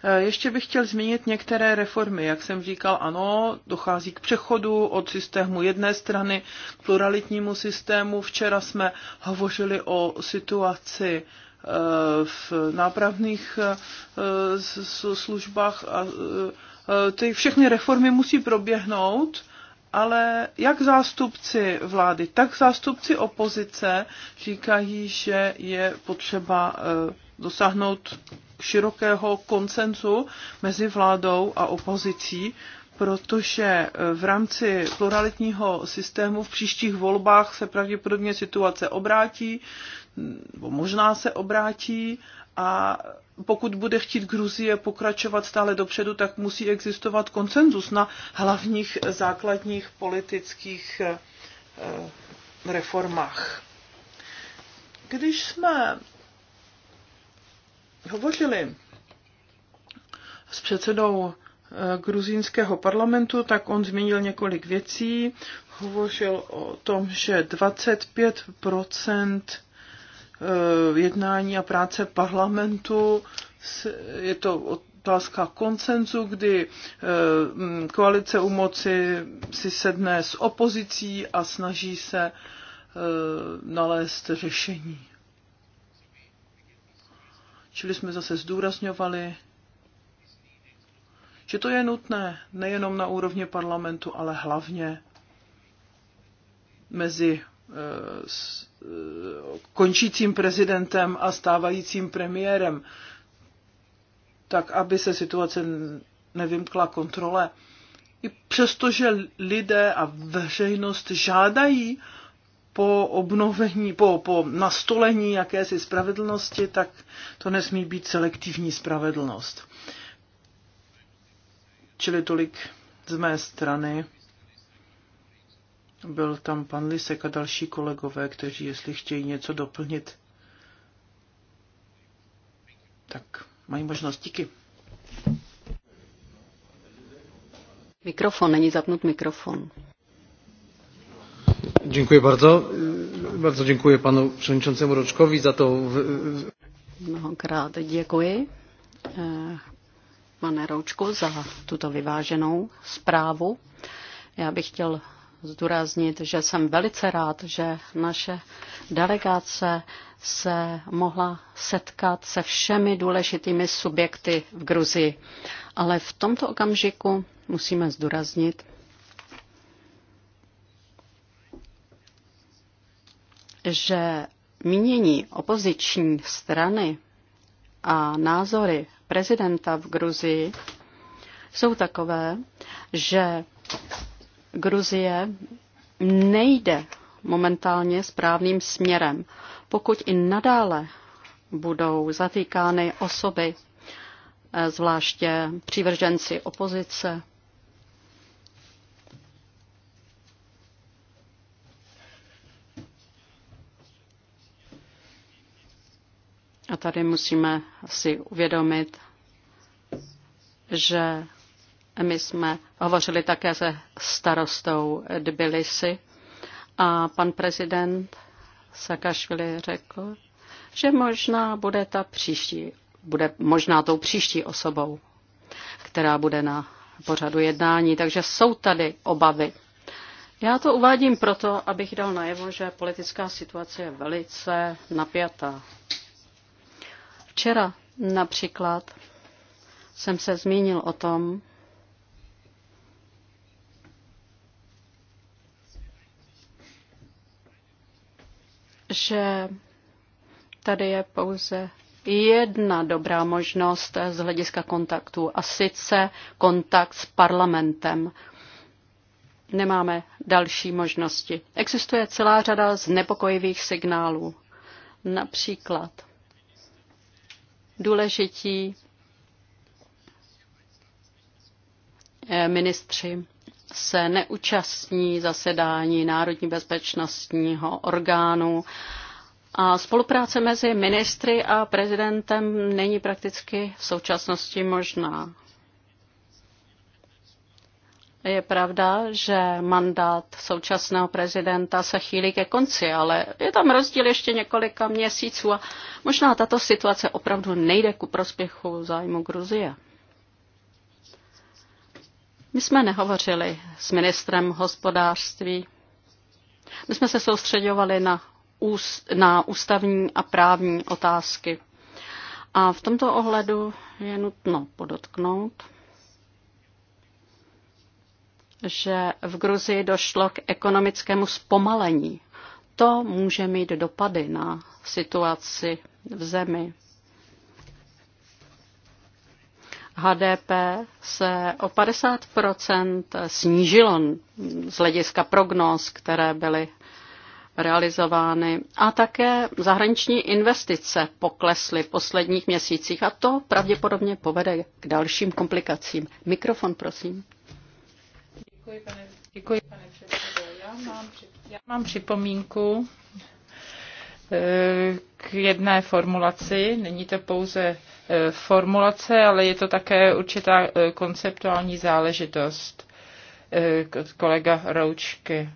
Eh, ještě bych chtěl zmínit některé reformy. Jak jsem říkal, ano, dochází k přechodu od systému jedné strany k pluralitnímu systému. Včera jsme hovořili o situaci Eh, v nápravných eh, službách a eh, ty všechny reformy musí proběhnout, ale jak zástupci vlády, tak zástupci opozice říkají, že je potřeba dosáhnout širokého koncenzu mezi vládou a opozicí, protože v rámci pluralitního systému v příštích volbách se pravděpodobně situace obrátí, možná se obrátí a pokud bude chtít Gruzie pokračovat stále dopředu, tak musí existovat konsenzus na hlavních základních politických eh, reformách. Když jsme hovořili s předsedou eh, gruzínského parlamentu, tak on zmínil několik věcí. Hovořil o tom, že 25 Eh, jednání a práce parlamentu. Je to otázka koncenzu, kdy eh, koalice u moci si sedne s opozicí a snaží se eh, nalézt řešení. Čili jsme zase zdůrazňovali, že to je nutné nejenom na úrovni parlamentu, ale hlavně mezi končícím prezidentem a stávajícím premiérem, tak aby se situace nevymkla kontrole. I přestože lidé a veřejnost žádají po obnovení, po, po nastolení jakési spravedlnosti, tak to nesmí být selektivní spravedlnost. Čili tolik z mé strany byl tam pan Lisek a další kolegové, kteří, jestli chtějí něco doplnit, tak mají možnost. Díky. Mikrofon, není zapnut mikrofon. Dziękuję bardzo. Bardzo dziękuję panu przewodniczącemu Roczkowi za to. Mnohokrát děkuji, eh, pane Roučku, za tuto vyváženou zprávu. Já bych chtěl zdůraznit, že jsem velice rád, že naše delegace se mohla setkat se všemi důležitými subjekty v Gruzii. Ale v tomto okamžiku musíme zdůraznit, že mínění opoziční strany a názory prezidenta v Gruzii jsou takové, že Gruzie nejde momentálně správným směrem. Pokud i nadále budou zatýkány osoby, eh, zvláště přívrženci opozice, A tady musíme si uvědomit, že my jsme hovořili také se starostou Tbilisi a pan prezident Sakašvili řekl, že možná bude ta příští, bude možná tou příští osobou, která bude na pořadu jednání. Takže jsou tady obavy. Já to uvádím proto, abych dal najevo, že politická situace je velice napjatá. Včera například jsem se zmínil o tom, že tady je pouze jedna dobrá možnost z hlediska kontaktu a sice kontakt s parlamentem. Nemáme další možnosti. Existuje celá řada znepokojivých signálů. Například důležití eh, ministři se neúčastní zasedání Národní bezpečnostního orgánu a spolupráce mezi ministry a prezidentem není prakticky v současnosti možná. Je pravda, že mandát současného prezidenta se chýlí ke konci, ale je tam rozdíl ještě několika měsíců a možná tato situace opravdu nejde ku prospěchu zájmu Gruzie. My jsme nehovořili s ministrem hospodářství. My jsme se soustředovali na, úst, na ústavní a právní otázky. A v tomto ohledu je nutno podotknout, že v Gruzii došlo k ekonomickému zpomalení. To může mít dopady na situaci v zemi. HDP se o 50 snížilo z hlediska prognóz, které byly realizovány. A také zahraniční investice poklesly v posledních měsících a to pravděpodobně povede k dalším komplikacím. Mikrofon, prosím. Děkuji, pane, děkuji, pane předsedo. Já mám, já mám připomínku eh, k jedné formulaci. Není to pouze E, formulace, ale je to také určitá e, konceptuální záležitost e, kolega Roučky.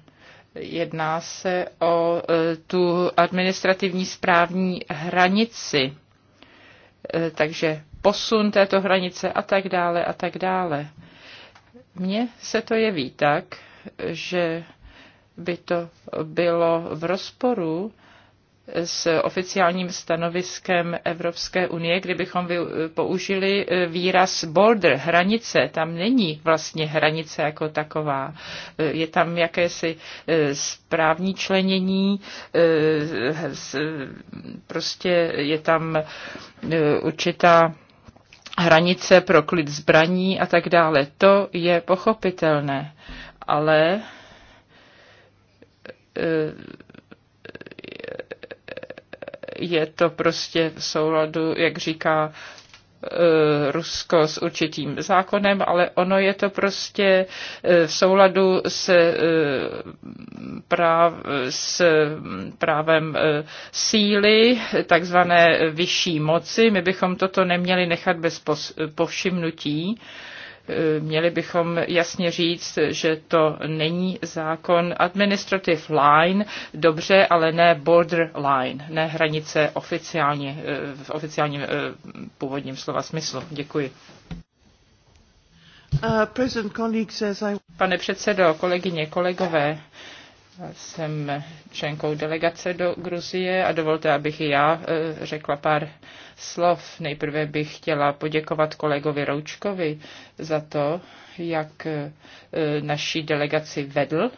Jedná se o tu administrativní správní hranici, takže posun této hranice a tak dále a tak dále. Mně se to jeví tak, že by to bylo v rozporu s oficiálním stanoviskem Evropské unie, kdybychom použili eh, výraz border, hranice. Tam není vlastně hranice jako taková. Eh, je tam jakési eh, správní členění, prostě je tam určitá hranice pro klid zbraní a tak dále. To je pochopitelné, ale je to prostě v souladu, jak říká e, Rusko s určitým zákonem, ale ono je to prostě e, v souladu se, e, práv, s právem síly, takzvané vyšší moci. My bychom toto neměli nechat bez povšimnutí. Eh, měli bychom jasně říct, že to není zákon administrative line, dobře, ale ne border line, ne hranice oficiálně, eh, v oficiálním eh, původním slova smyslu. Děkuji. Uh, Pane předsedo, kolegyně, kolegové, jsem členkou delegace do Gruzie a dovolte, abych i já e, řekla pár slov. Nejprve bych chtěla poděkovat kolegovi Roučkovi za to, jak e, naší delegaci vedl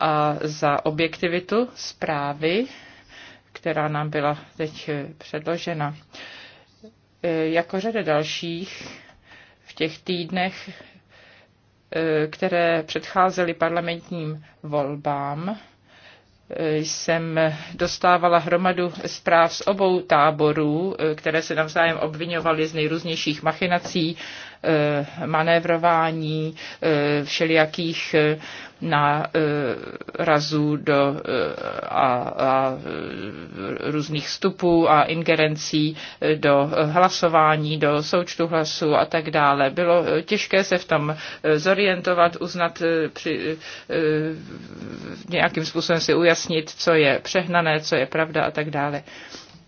a za objektivitu zprávy, která nám byla teď e, předložena. Jako řada dalších v těch týdnech které předcházely parlamentním volbám, jsem dostávala hromadu zpráv z obou táborů, které se navzájem obvinovaly z nejrůznějších machinací Eh, manévrování eh, všelijakých eh, nárazů do, a, a různých vstupů a ingerencí do hlasování, do součtu hlasů a tak dále. Bylo těžké se v tom zorientovat, uznat, při, nějakým způsobem si ujasnit, co je přehnané, co je pravda a tak dále.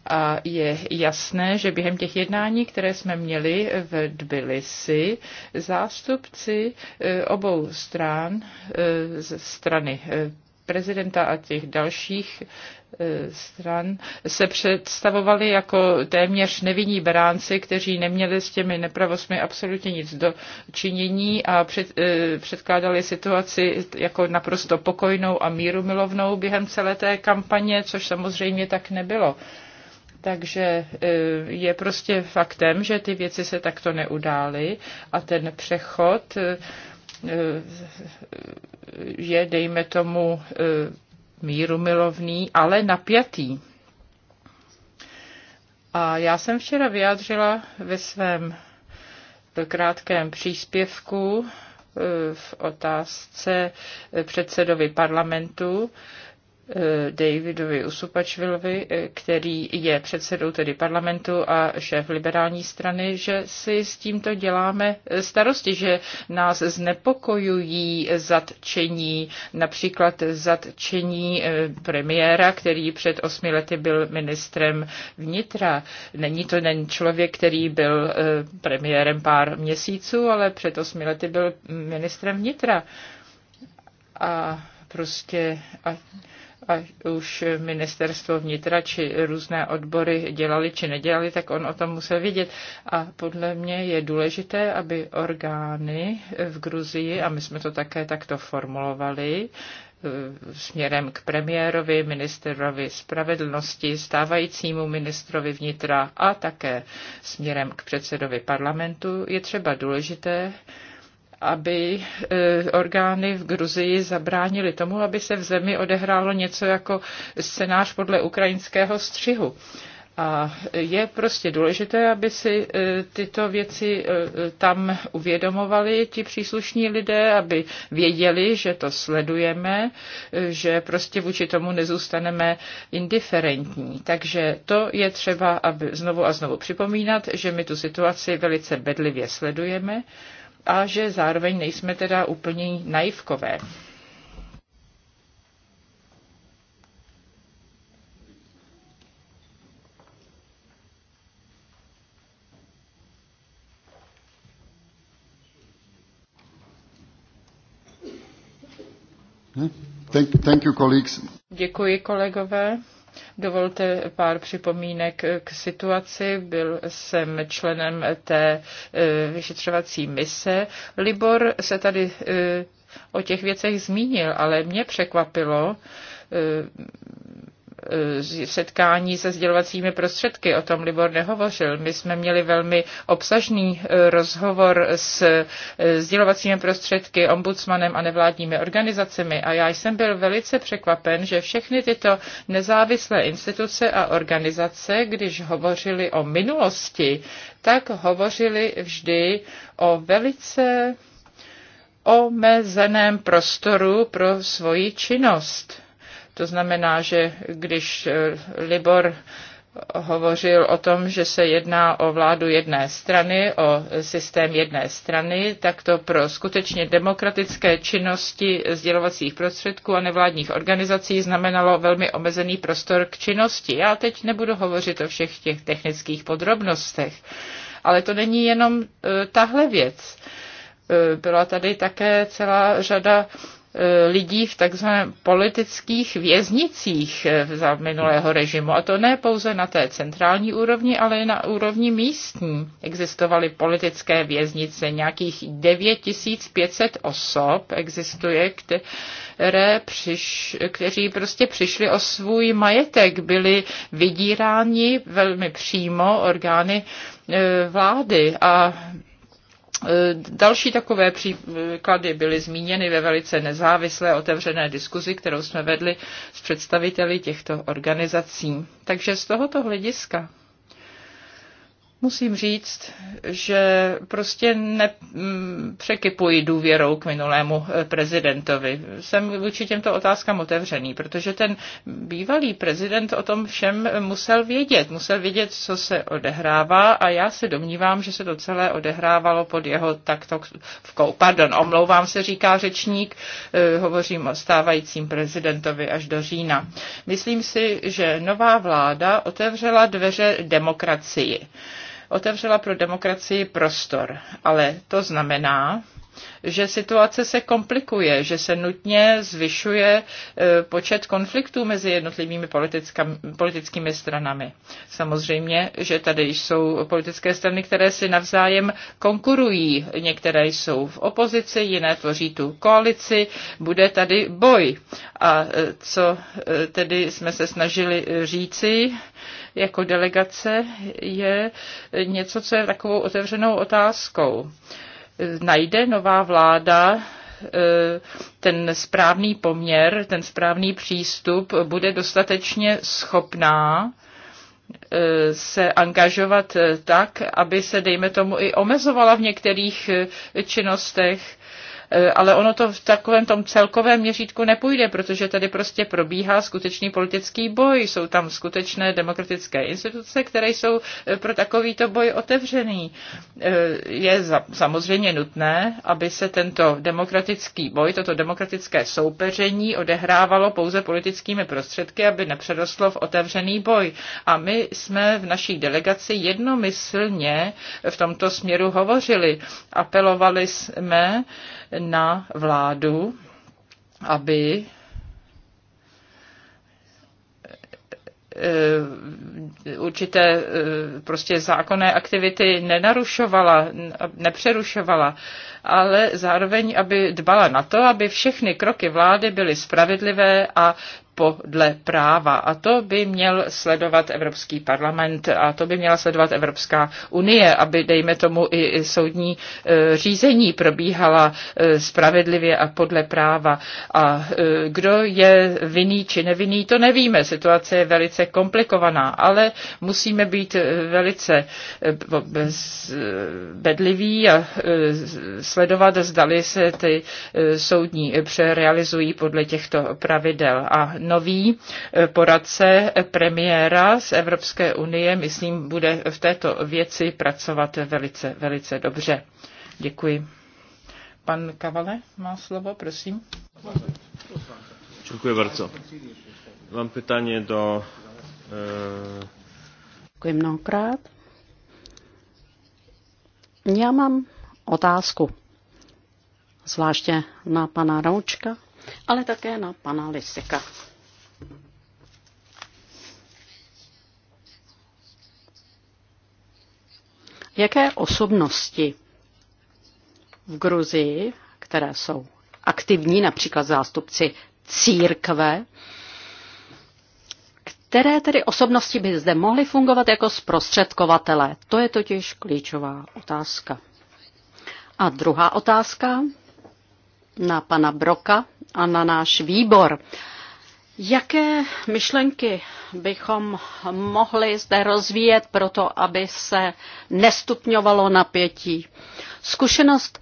A je jasné, že během těch jednání, které jsme měli v Tbilisi, zástupci e, obou stran, e, ze strany e, prezidenta a těch dalších stran se představovali jako téměř nevinní beránci, kteří neměli s těmi nepravostmi absolutně nic do činění a před, předkládali situaci jako naprosto pokojnou a mírumilovnou během celé té kampaně, což samozřejmě tak nebylo. Takže e, je prostě faktem, že ty věci se takto neudály a ten přechod e, e, je, dejme tomu, míru milovný, ale napjatý. A já jsem včera vyjádřila ve svém krátkém příspěvku v otázce předsedovi parlamentu, Davidovi Usupačvilovi, eh, který je předsedou tedy parlamentu a šéf liberální strany, že si s tímto děláme eh, starosti, že nás znepokojují zatčení, například zatčení eh, premiéra, který před osmi lety byl ministrem vnitra. Není to ten člověk, který byl premiérem pár měsíců, ale před osmi lety byl ministrem vnitra. A prostě... A a už ministerstvo vnitra či různé odbory dělali či nedělali, tak on o tom musel vědět. A podle mě je důležité, aby orgány v Gruzii, a my jsme to také takto formulovali, eh, směrem k premiérovi, ministerovi spravedlnosti, stávajícímu ministrovi vnitra a také směrem k předsedovi parlamentu, je třeba důležité, aby e, orgány v Gruzii zabránili tomu, aby se v zemi odehrálo něco jako scénář podle ukrajinského střihu. A je prostě důležité, aby si e, tyto věci e, tam uvědomovali ti příslušní lidé, aby věděli, že to sledujeme, že prostě vůči tomu nezůstaneme indiferentní. Takže to je třeba, aby znovu a znovu připomínat, že my tu situaci velice bedlivě sledujeme a že zároveň nejsme teda úplně naivkové. Hm? Thank, thank you, colleagues. Děkuji, kolegové. Dovolte pár připomínek k situaci. Byl jsem členem té eh, vyšetřovací mise. Libor se tady eh, o těch věcech zmínil, ale mě překvapilo, eh, Eh, setkání se sdělovacími prostředky. O tom Libor nehovořil. My jsme měli velmi obsažný eh, rozhovor s eh, sdělovacími prostředky, ombudsmanem a nevládními organizacemi a já jsem byl velice překvapen, že všechny tyto nezávislé instituce a organizace, když hovořili o minulosti, tak hovořili vždy o velice omezeném prostoru pro svoji činnost. To znamená, že když eh, Libor hovořil o tom, že se jedná o vládu jedné strany, o systém jedné strany, tak to pro skutečně demokratické činnosti sdělovacích prostředků a nevládních organizací znamenalo velmi omezený prostor k činnosti. Já teď nebudu hovořit o všech těch technických podrobnostech, ale to není jenom eh, tahle věc. Eh, byla tady také celá řada Eh, lidí v takzvaném politických věznicích eh, za minulého režimu. A to ne pouze na té centrální úrovni, ale i na úrovni místní. Existovaly politické věznice, nějakých 9500 osob existuje, které přiš, kteří prostě přišli o svůj majetek, byli vydíráni velmi přímo orgány eh, vlády a Eh, další takové příklady byly zmíněny ve velice nezávislé otevřené diskuzi, kterou jsme vedli s představiteli těchto organizací. Takže z tohoto hlediska musím říct, že prostě nepřekypuji mm, důvěrou k minulému eh, prezidentovi. Jsem vůči těmto otázkám otevřený, protože ten bývalý prezident o tom všem musel vědět. Musel vědět, co se odehrává a já se domnívám, že se to celé odehrávalo pod jeho taktovkou. Pardon, omlouvám se, říká řečník, eh, hovořím o stávajícím prezidentovi až do října. Myslím si, že nová vláda otevřela dveře demokracii otevřela pro demokracii prostor. Ale to znamená, že situace se komplikuje, že se nutně zvyšuje e, počet konfliktů mezi jednotlivými politickými stranami. Samozřejmě, že tady jsou politické strany, které si navzájem konkurují. Některé jsou v opozici, jiné tvoří tu koalici, bude tady boj. A e, co e, tedy jsme se snažili říci, jako delegace je něco, co je takovou otevřenou otázkou. Najde nová vláda eh, ten správný poměr, ten správný přístup, bude dostatečně schopná eh, se angažovat tak, aby se, dejme tomu, i omezovala v některých eh, činnostech, E, ale ono to v takovém tom celkovém měřítku nepůjde, protože tady prostě probíhá skutečný politický boj, jsou tam skutečné demokratické instituce, které jsou e, pro takovýto boj otevřený. E, je samozřejmě nutné, aby se tento demokratický boj, toto demokratické soupeření odehrávalo pouze politickými prostředky, aby nepřerostlo v otevřený boj. A my jsme v naší delegaci jednomyslně v tomto směru hovořili. Apelovali jsme na vládu, aby eh, určité eh, prostě zákonné aktivity nenarušovala, nepřerušovala, ale zároveň, aby dbala na to, aby všechny kroky vlády byly spravedlivé a podle práva. A to by měl sledovat Evropský parlament a to by měla sledovat Evropská unie, aby, dejme tomu, i soudní e, řízení probíhala e, spravedlivě a podle práva. A e, kdo je vinný či nevinný, to nevíme. Situace je velice komplikovaná, ale musíme být velice bedliví a sledovat, zdali se ty soudní pře realizují podle těchto pravidel. A nový eh, poradce eh, premiéra z Evropské unie, myslím, bude v této věci pracovat velice, velice dobře. Děkuji. Pan Kavale má slovo, prosím. Děkuji bardzo. Mám pytanie do... E... Děkuji mnohokrát. Já mám otázku, zvláště na pana Roučka, ale také na pana Lisika. Jaké osobnosti v Gruzii, které jsou aktivní, například zástupci církve, které tedy osobnosti by zde mohly fungovat jako zprostředkovatele? To je totiž klíčová otázka. A druhá otázka na pana Broka a na náš výbor. Jaké myšlenky bychom mohli zde rozvíjet proto, aby se nestupňovalo napětí? Zkušenost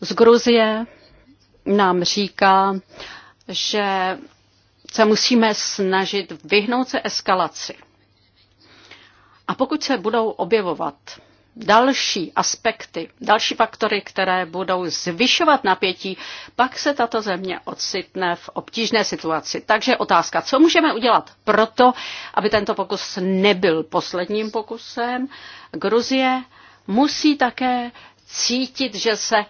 z Gruzie nám říká, že se musíme snažit vyhnout se eskalaci. A pokud se budou objevovat další aspekty, další faktory, které budou zvyšovat napětí, pak se tato země ocitne v obtížné situaci. Takže otázka, co můžeme udělat proto, aby tento pokus nebyl posledním pokusem. Gruzie musí také cítit, že se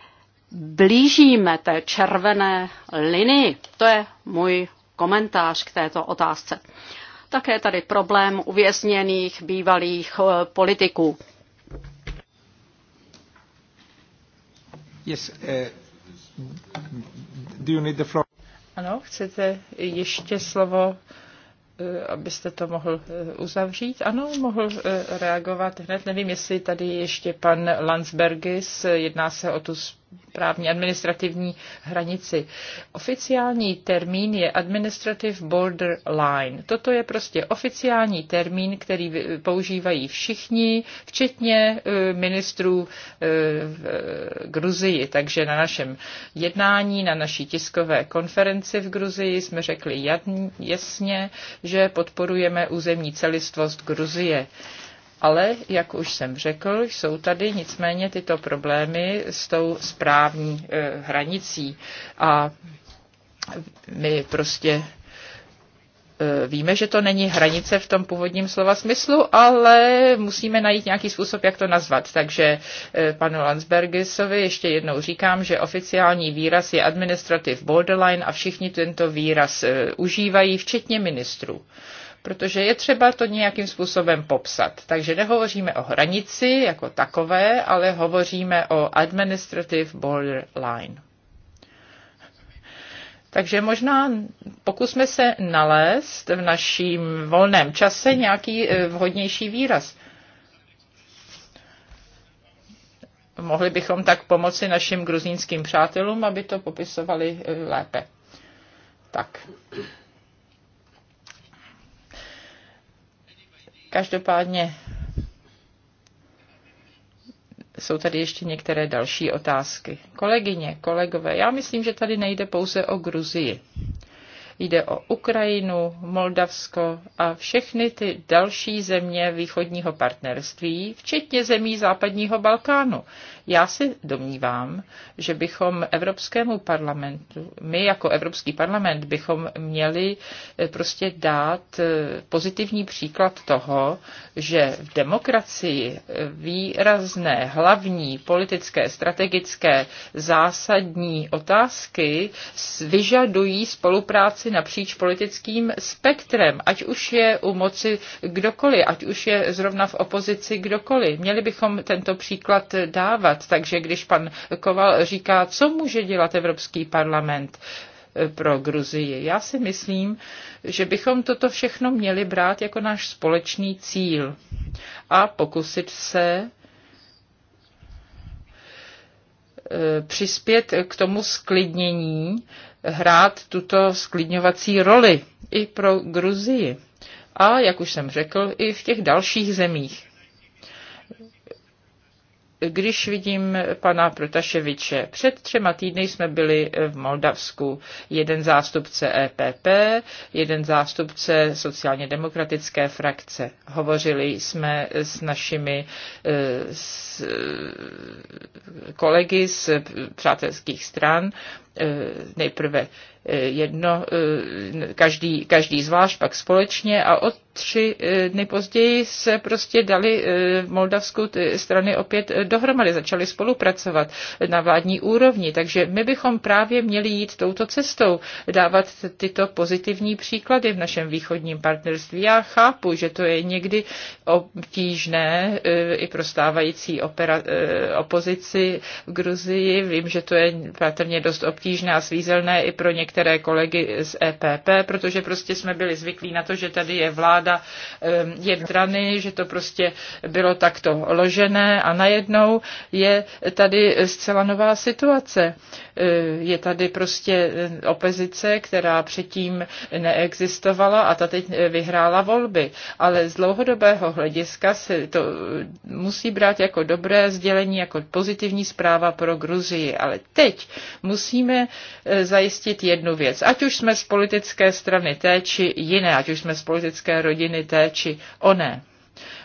blížíme té červené linii. To je můj komentář k této otázce. Také tady problém uvězněných bývalých eh, politiků. Uh, ano, chcete ještě slovo, eh, abyste to mohl eh, uzavřít? Ano, mohl eh, reagovat hned. Nevím, jestli tady ještě pan Landsbergis, jedná se o tu právní administrativní hranici. Oficiální termín je Administrative Border Line. Toto je prostě oficiální termín, který používají všichni, včetně e, ministrů e, v e, Gruzii. Takže na našem jednání, na naší tiskové konferenci v Gruzii jsme řekli jasně, že podporujeme územní celistvost Gruzie ale, jak už jsem řekl, jsou tady nicméně tyto problémy s tou správní eh, hranicí a my prostě eh, víme, že to není hranice v tom původním slova smyslu, ale musíme najít nějaký způsob, jak to nazvat. Takže eh, panu Landsbergisovi ještě jednou říkám, že oficiální výraz je administrative borderline a všichni tento výraz užívají, včetně ministrů protože je třeba to nějakým způsobem popsat. Takže nehovoříme o hranici jako takové, ale hovoříme o administrative borderline. Takže možná pokusme se nalézt v naším volném čase nějaký eh, vhodnější výraz. Mohli bychom tak pomoci našim gruzínským přátelům, aby to popisovali eh, lépe. Tak. Každopádně jsou tady ještě některé další otázky. Kolegyně, kolegové, já myslím, že tady nejde pouze o Gruzii. Jde o Ukrajinu, Moldavsko a všechny ty další země východního partnerství, včetně zemí západního Balkánu. Já si domnívám, že bychom Evropskému parlamentu, my jako Evropský parlament bychom měli eh, prostě dát eh, pozitivní příklad toho, že v demokracii eh, výrazné, hlavní, politické, strategické, zásadní otázky vyžadují spolupráci napříč politickým spektrem, ať už je u moci kdokoliv, ať už je zrovna v opozici kdokoliv. Měli bychom tento příklad dávat dělat. Takže když pan Koval říká, co může dělat Evropský parlament, eh, pro Gruzii. Já si myslím, že bychom toto všechno měli brát jako náš společný cíl a pokusit se eh, přispět k tomu sklidnění, hrát tuto sklidňovací roli i pro Gruzii. A jak už jsem řekl, i v těch dalších zemích když vidím pana Protaševiče. Před třema týdny jsme byli v Moldavsku. Jeden zástupce EPP, jeden zástupce sociálně demokratické frakce. Hovořili jsme s našimi e, s e, kolegy z přátelských stran, e, nejprve jedno, eh, každý, každý zvlášť, pak společně a od tři eh, dny později se prostě dali v eh, Moldavsku ty strany opět dohromady, začaly spolupracovat na vládní úrovni. Takže my bychom právě měli jít touto cestou, dávat tyto pozitivní příklady v našem východním partnerství. Já chápu, že to je někdy obtížné i pro stávající opera, opozici v Gruzii. Vím, že to je patrně dost obtížné a svízelné i pro některé některé kolegy z EPP, protože prostě jsme byli zvyklí na to, že tady je vláda ehm, jedné strany, že to prostě bylo takto ložené a najednou je tady zcela nová situace. Ehm, je tady prostě ehm, opozice, která předtím neexistovala a ta teď vyhrála volby. Ale z dlouhodobého hlediska se to musí brát jako dobré sdělení, jako pozitivní zpráva pro Gruzii. Ale teď musíme zajistit jednu jednu věc. Ať už jsme z politické strany té či jiné, ať už jsme z politické rodiny té či oné.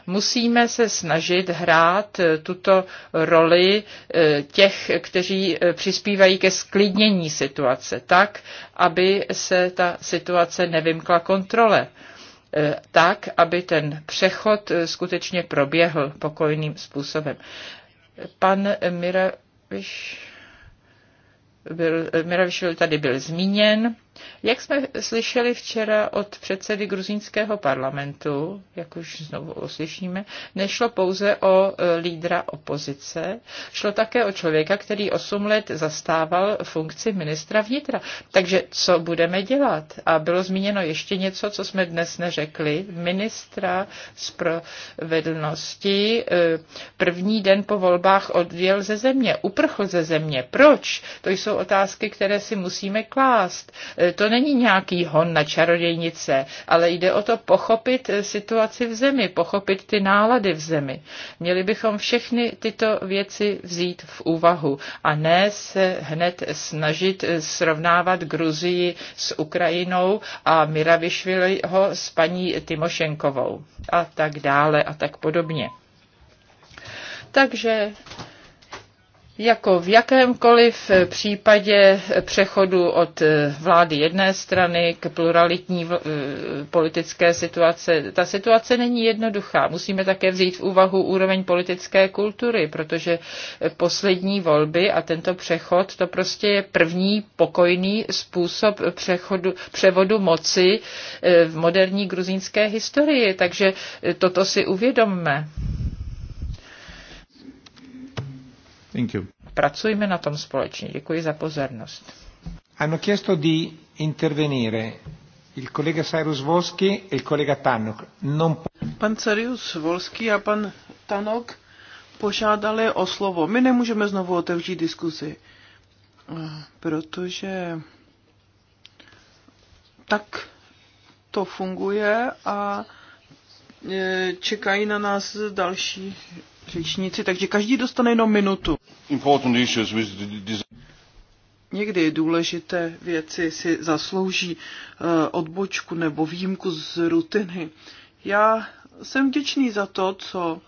Musíme se snažit hrát eh, tuto roli eh, těch, kteří eh, přispívají ke sklidnění situace, tak, aby se ta situace nevymkla kontrole tak, aby ten přechod skutečně proběhl pokojným způsobem. Pan Miraviš byl, Miravišvili tady byl zmíněn jak jsme slyšeli včera od předsedy gruzínského parlamentu, jak už znovu oslyšíme, nešlo pouze o e, lídra opozice, šlo také o člověka, který 8 let zastával funkci ministra vnitra. Takže co budeme dělat? A bylo zmíněno ještě něco, co jsme dnes neřekli. Ministra spravedlnosti e, první den po volbách odvěl ze země, uprchl ze země. Proč? To jsou otázky, které si musíme klást e, to není nějaký hon na čarodějnice, ale jde o to pochopit situaci v zemi, pochopit ty nálady v zemi. Měli bychom všechny tyto věci vzít v úvahu a ne se hned snažit srovnávat Gruzii s Ukrajinou a Miravišviliho s paní Timošenkovou a tak dále a tak podobně. Takže jako v jakémkoliv případě přechodu od eh, vlády jedné strany k pluralitní eh, politické situace, ta situace není jednoduchá. Musíme také vzít v úvahu úroveň politické kultury, protože eh, poslední volby a tento přechod, to prostě je první pokojný způsob přechodu, převodu moci v moderní gruzínské historii. Takže toto si uvědomme. Thank you. Pracujme na tom společně. Děkuji za pozornost. Hanno chiesto di intervenire il collega Cyrus Volsky e il collega Tannock. Non... Pan Cyrus Volsky a pan Tannock požádali o slovo. My nemůžeme znovu otevřít diskuzi, protože tak to funguje a e, čekají na nás další řečníci, takže každý dostane jenom minutu. Někdy důležité věci si zaslouží eh, odbočku nebo výjimku z rutiny. Já jsem vděčný za to, co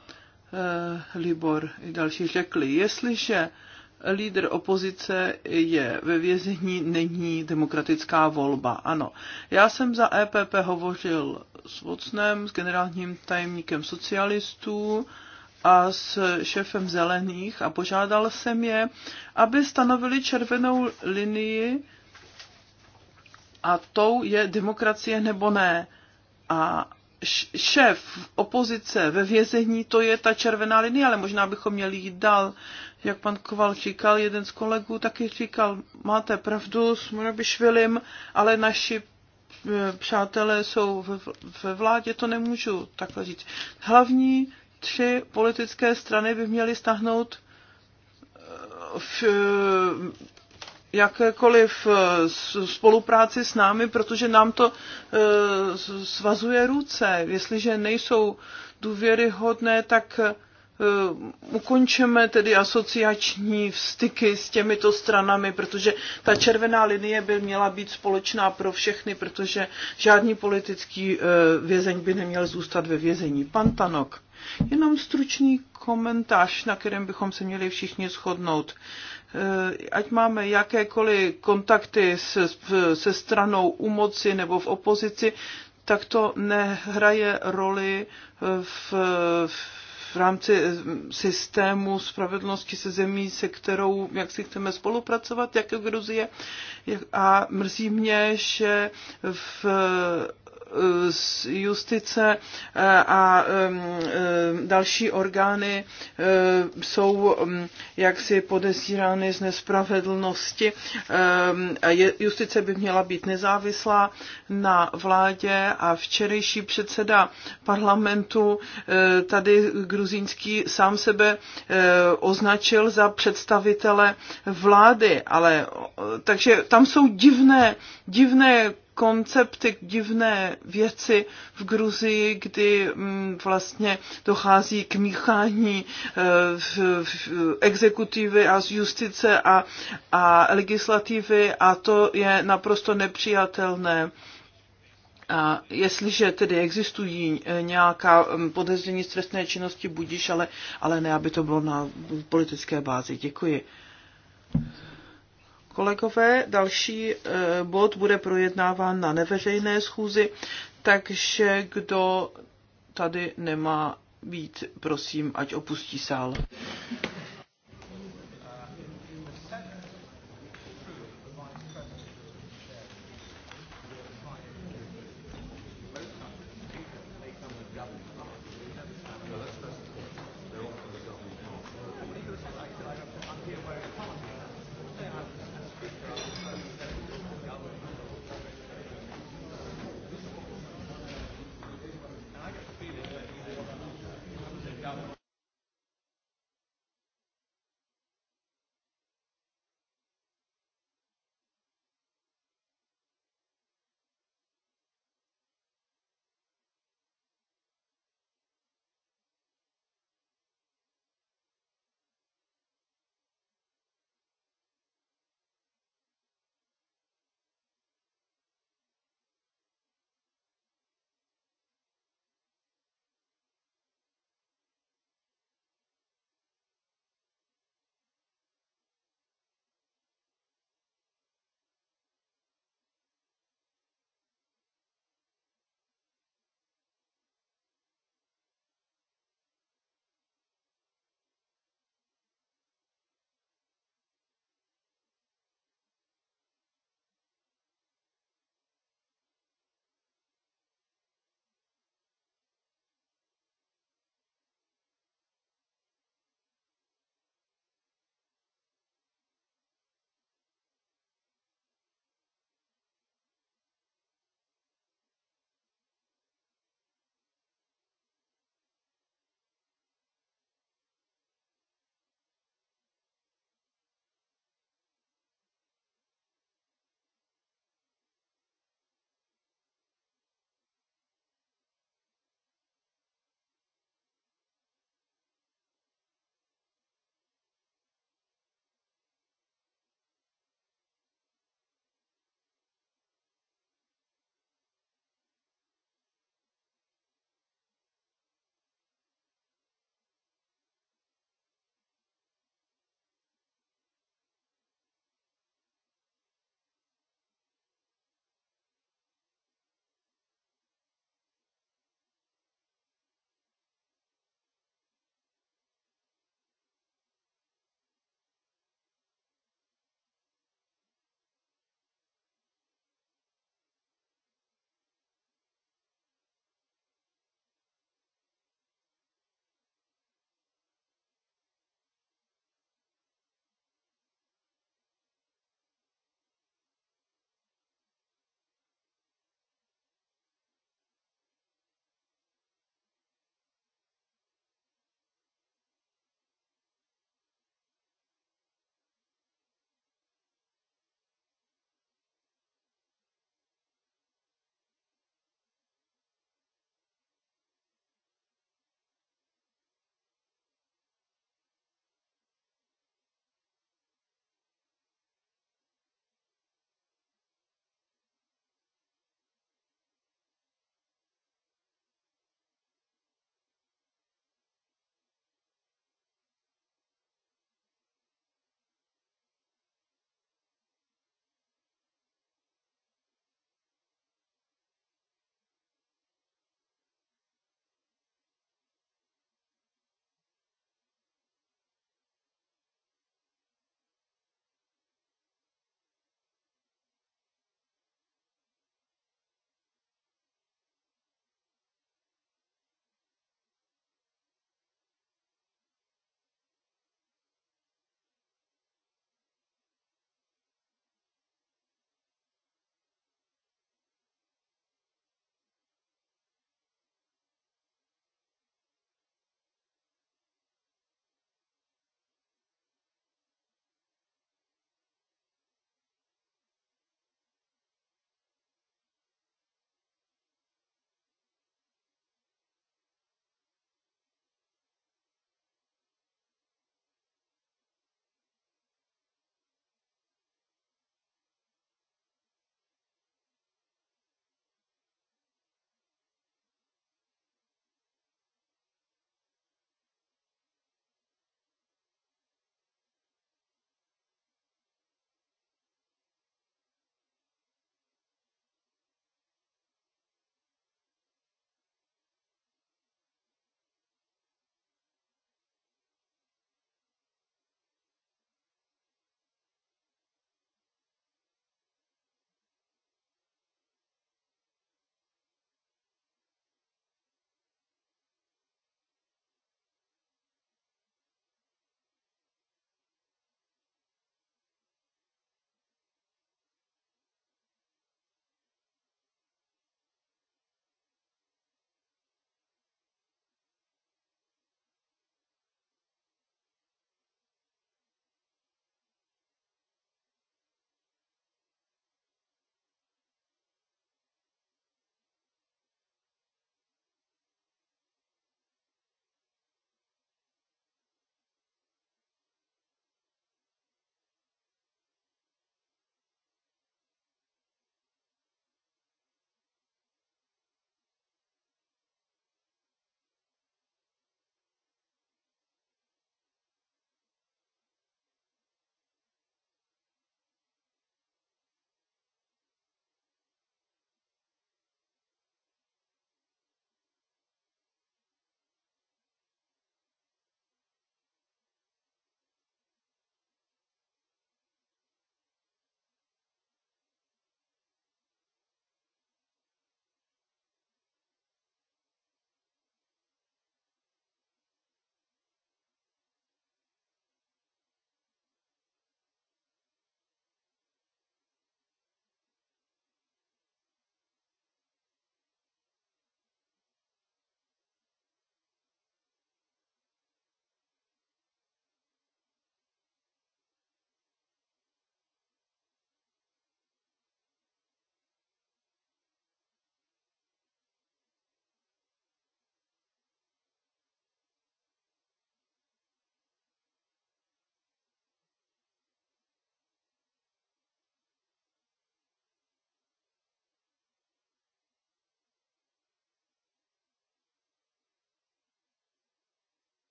eh, Libor i další řekli. Jestliže lídr opozice je ve vězení, není demokratická volba. Ano, já jsem za EPP hovořil s Vocnem, s generálním tajemníkem socialistů, a s šéfem zelených a požádal jsem je, aby stanovili červenou linii a tou je demokracie nebo ne. A šéf opozice ve vězení, to je ta červená linie, ale možná bychom měli jít dál. Jak pan Koval říkal, jeden z kolegů taky říkal, máte pravdu s Murabišvilim, ale naši e, přátelé jsou ve vládě, to nemůžu takhle říct. Hlavní tři politické strany by měly stahnout eh, v eh, jakékoliv eh, spolupráci s námi, protože nám to svazuje ruce. Jestliže nejsou důvěryhodné, tak ukončeme tedy asociační vztyky s těmito stranami, protože ta červená linie by měla být společná pro všechny, protože žádný politický vězeň by neměl zůstat ve vězení. Pan Tanok. Jenom stručný komentář, na kterém bychom se měli všichni shodnout. Eh, ať máme jakékoliv kontakty se, se stranou u moci nebo v opozici, tak to nehraje roli v, v v rámci systému spravedlnosti se zemí, se kterou jak si chceme spolupracovat, jako Gruzie. A mrzí mě, že v z justice eh, a další orgány eh, jsou jaksi podezírány z nespravedlnosti. Justice by měla být nezávislá na vládě a včerejší předseda parlamentu eh, tady gruzínský sám sebe označil za představitele vlády, ale takže tam jsou divné, divné koncepty, divné věci v Gruzii, kdy mm, vlastně dochází k míchání eh, v, v exekutivy a z justice a, a legislativy a to je naprosto nepřijatelné. A jestliže tedy existují eh, nějaká mm, podezření z trestné činnosti, budíš, ale, ale ne, aby to bylo na politické bázi. Děkuji. Kolegové, další eh, bod bude projednáván na neveřejné schůzi, takže kdo tady nemá být, prosím, ať opustí sál.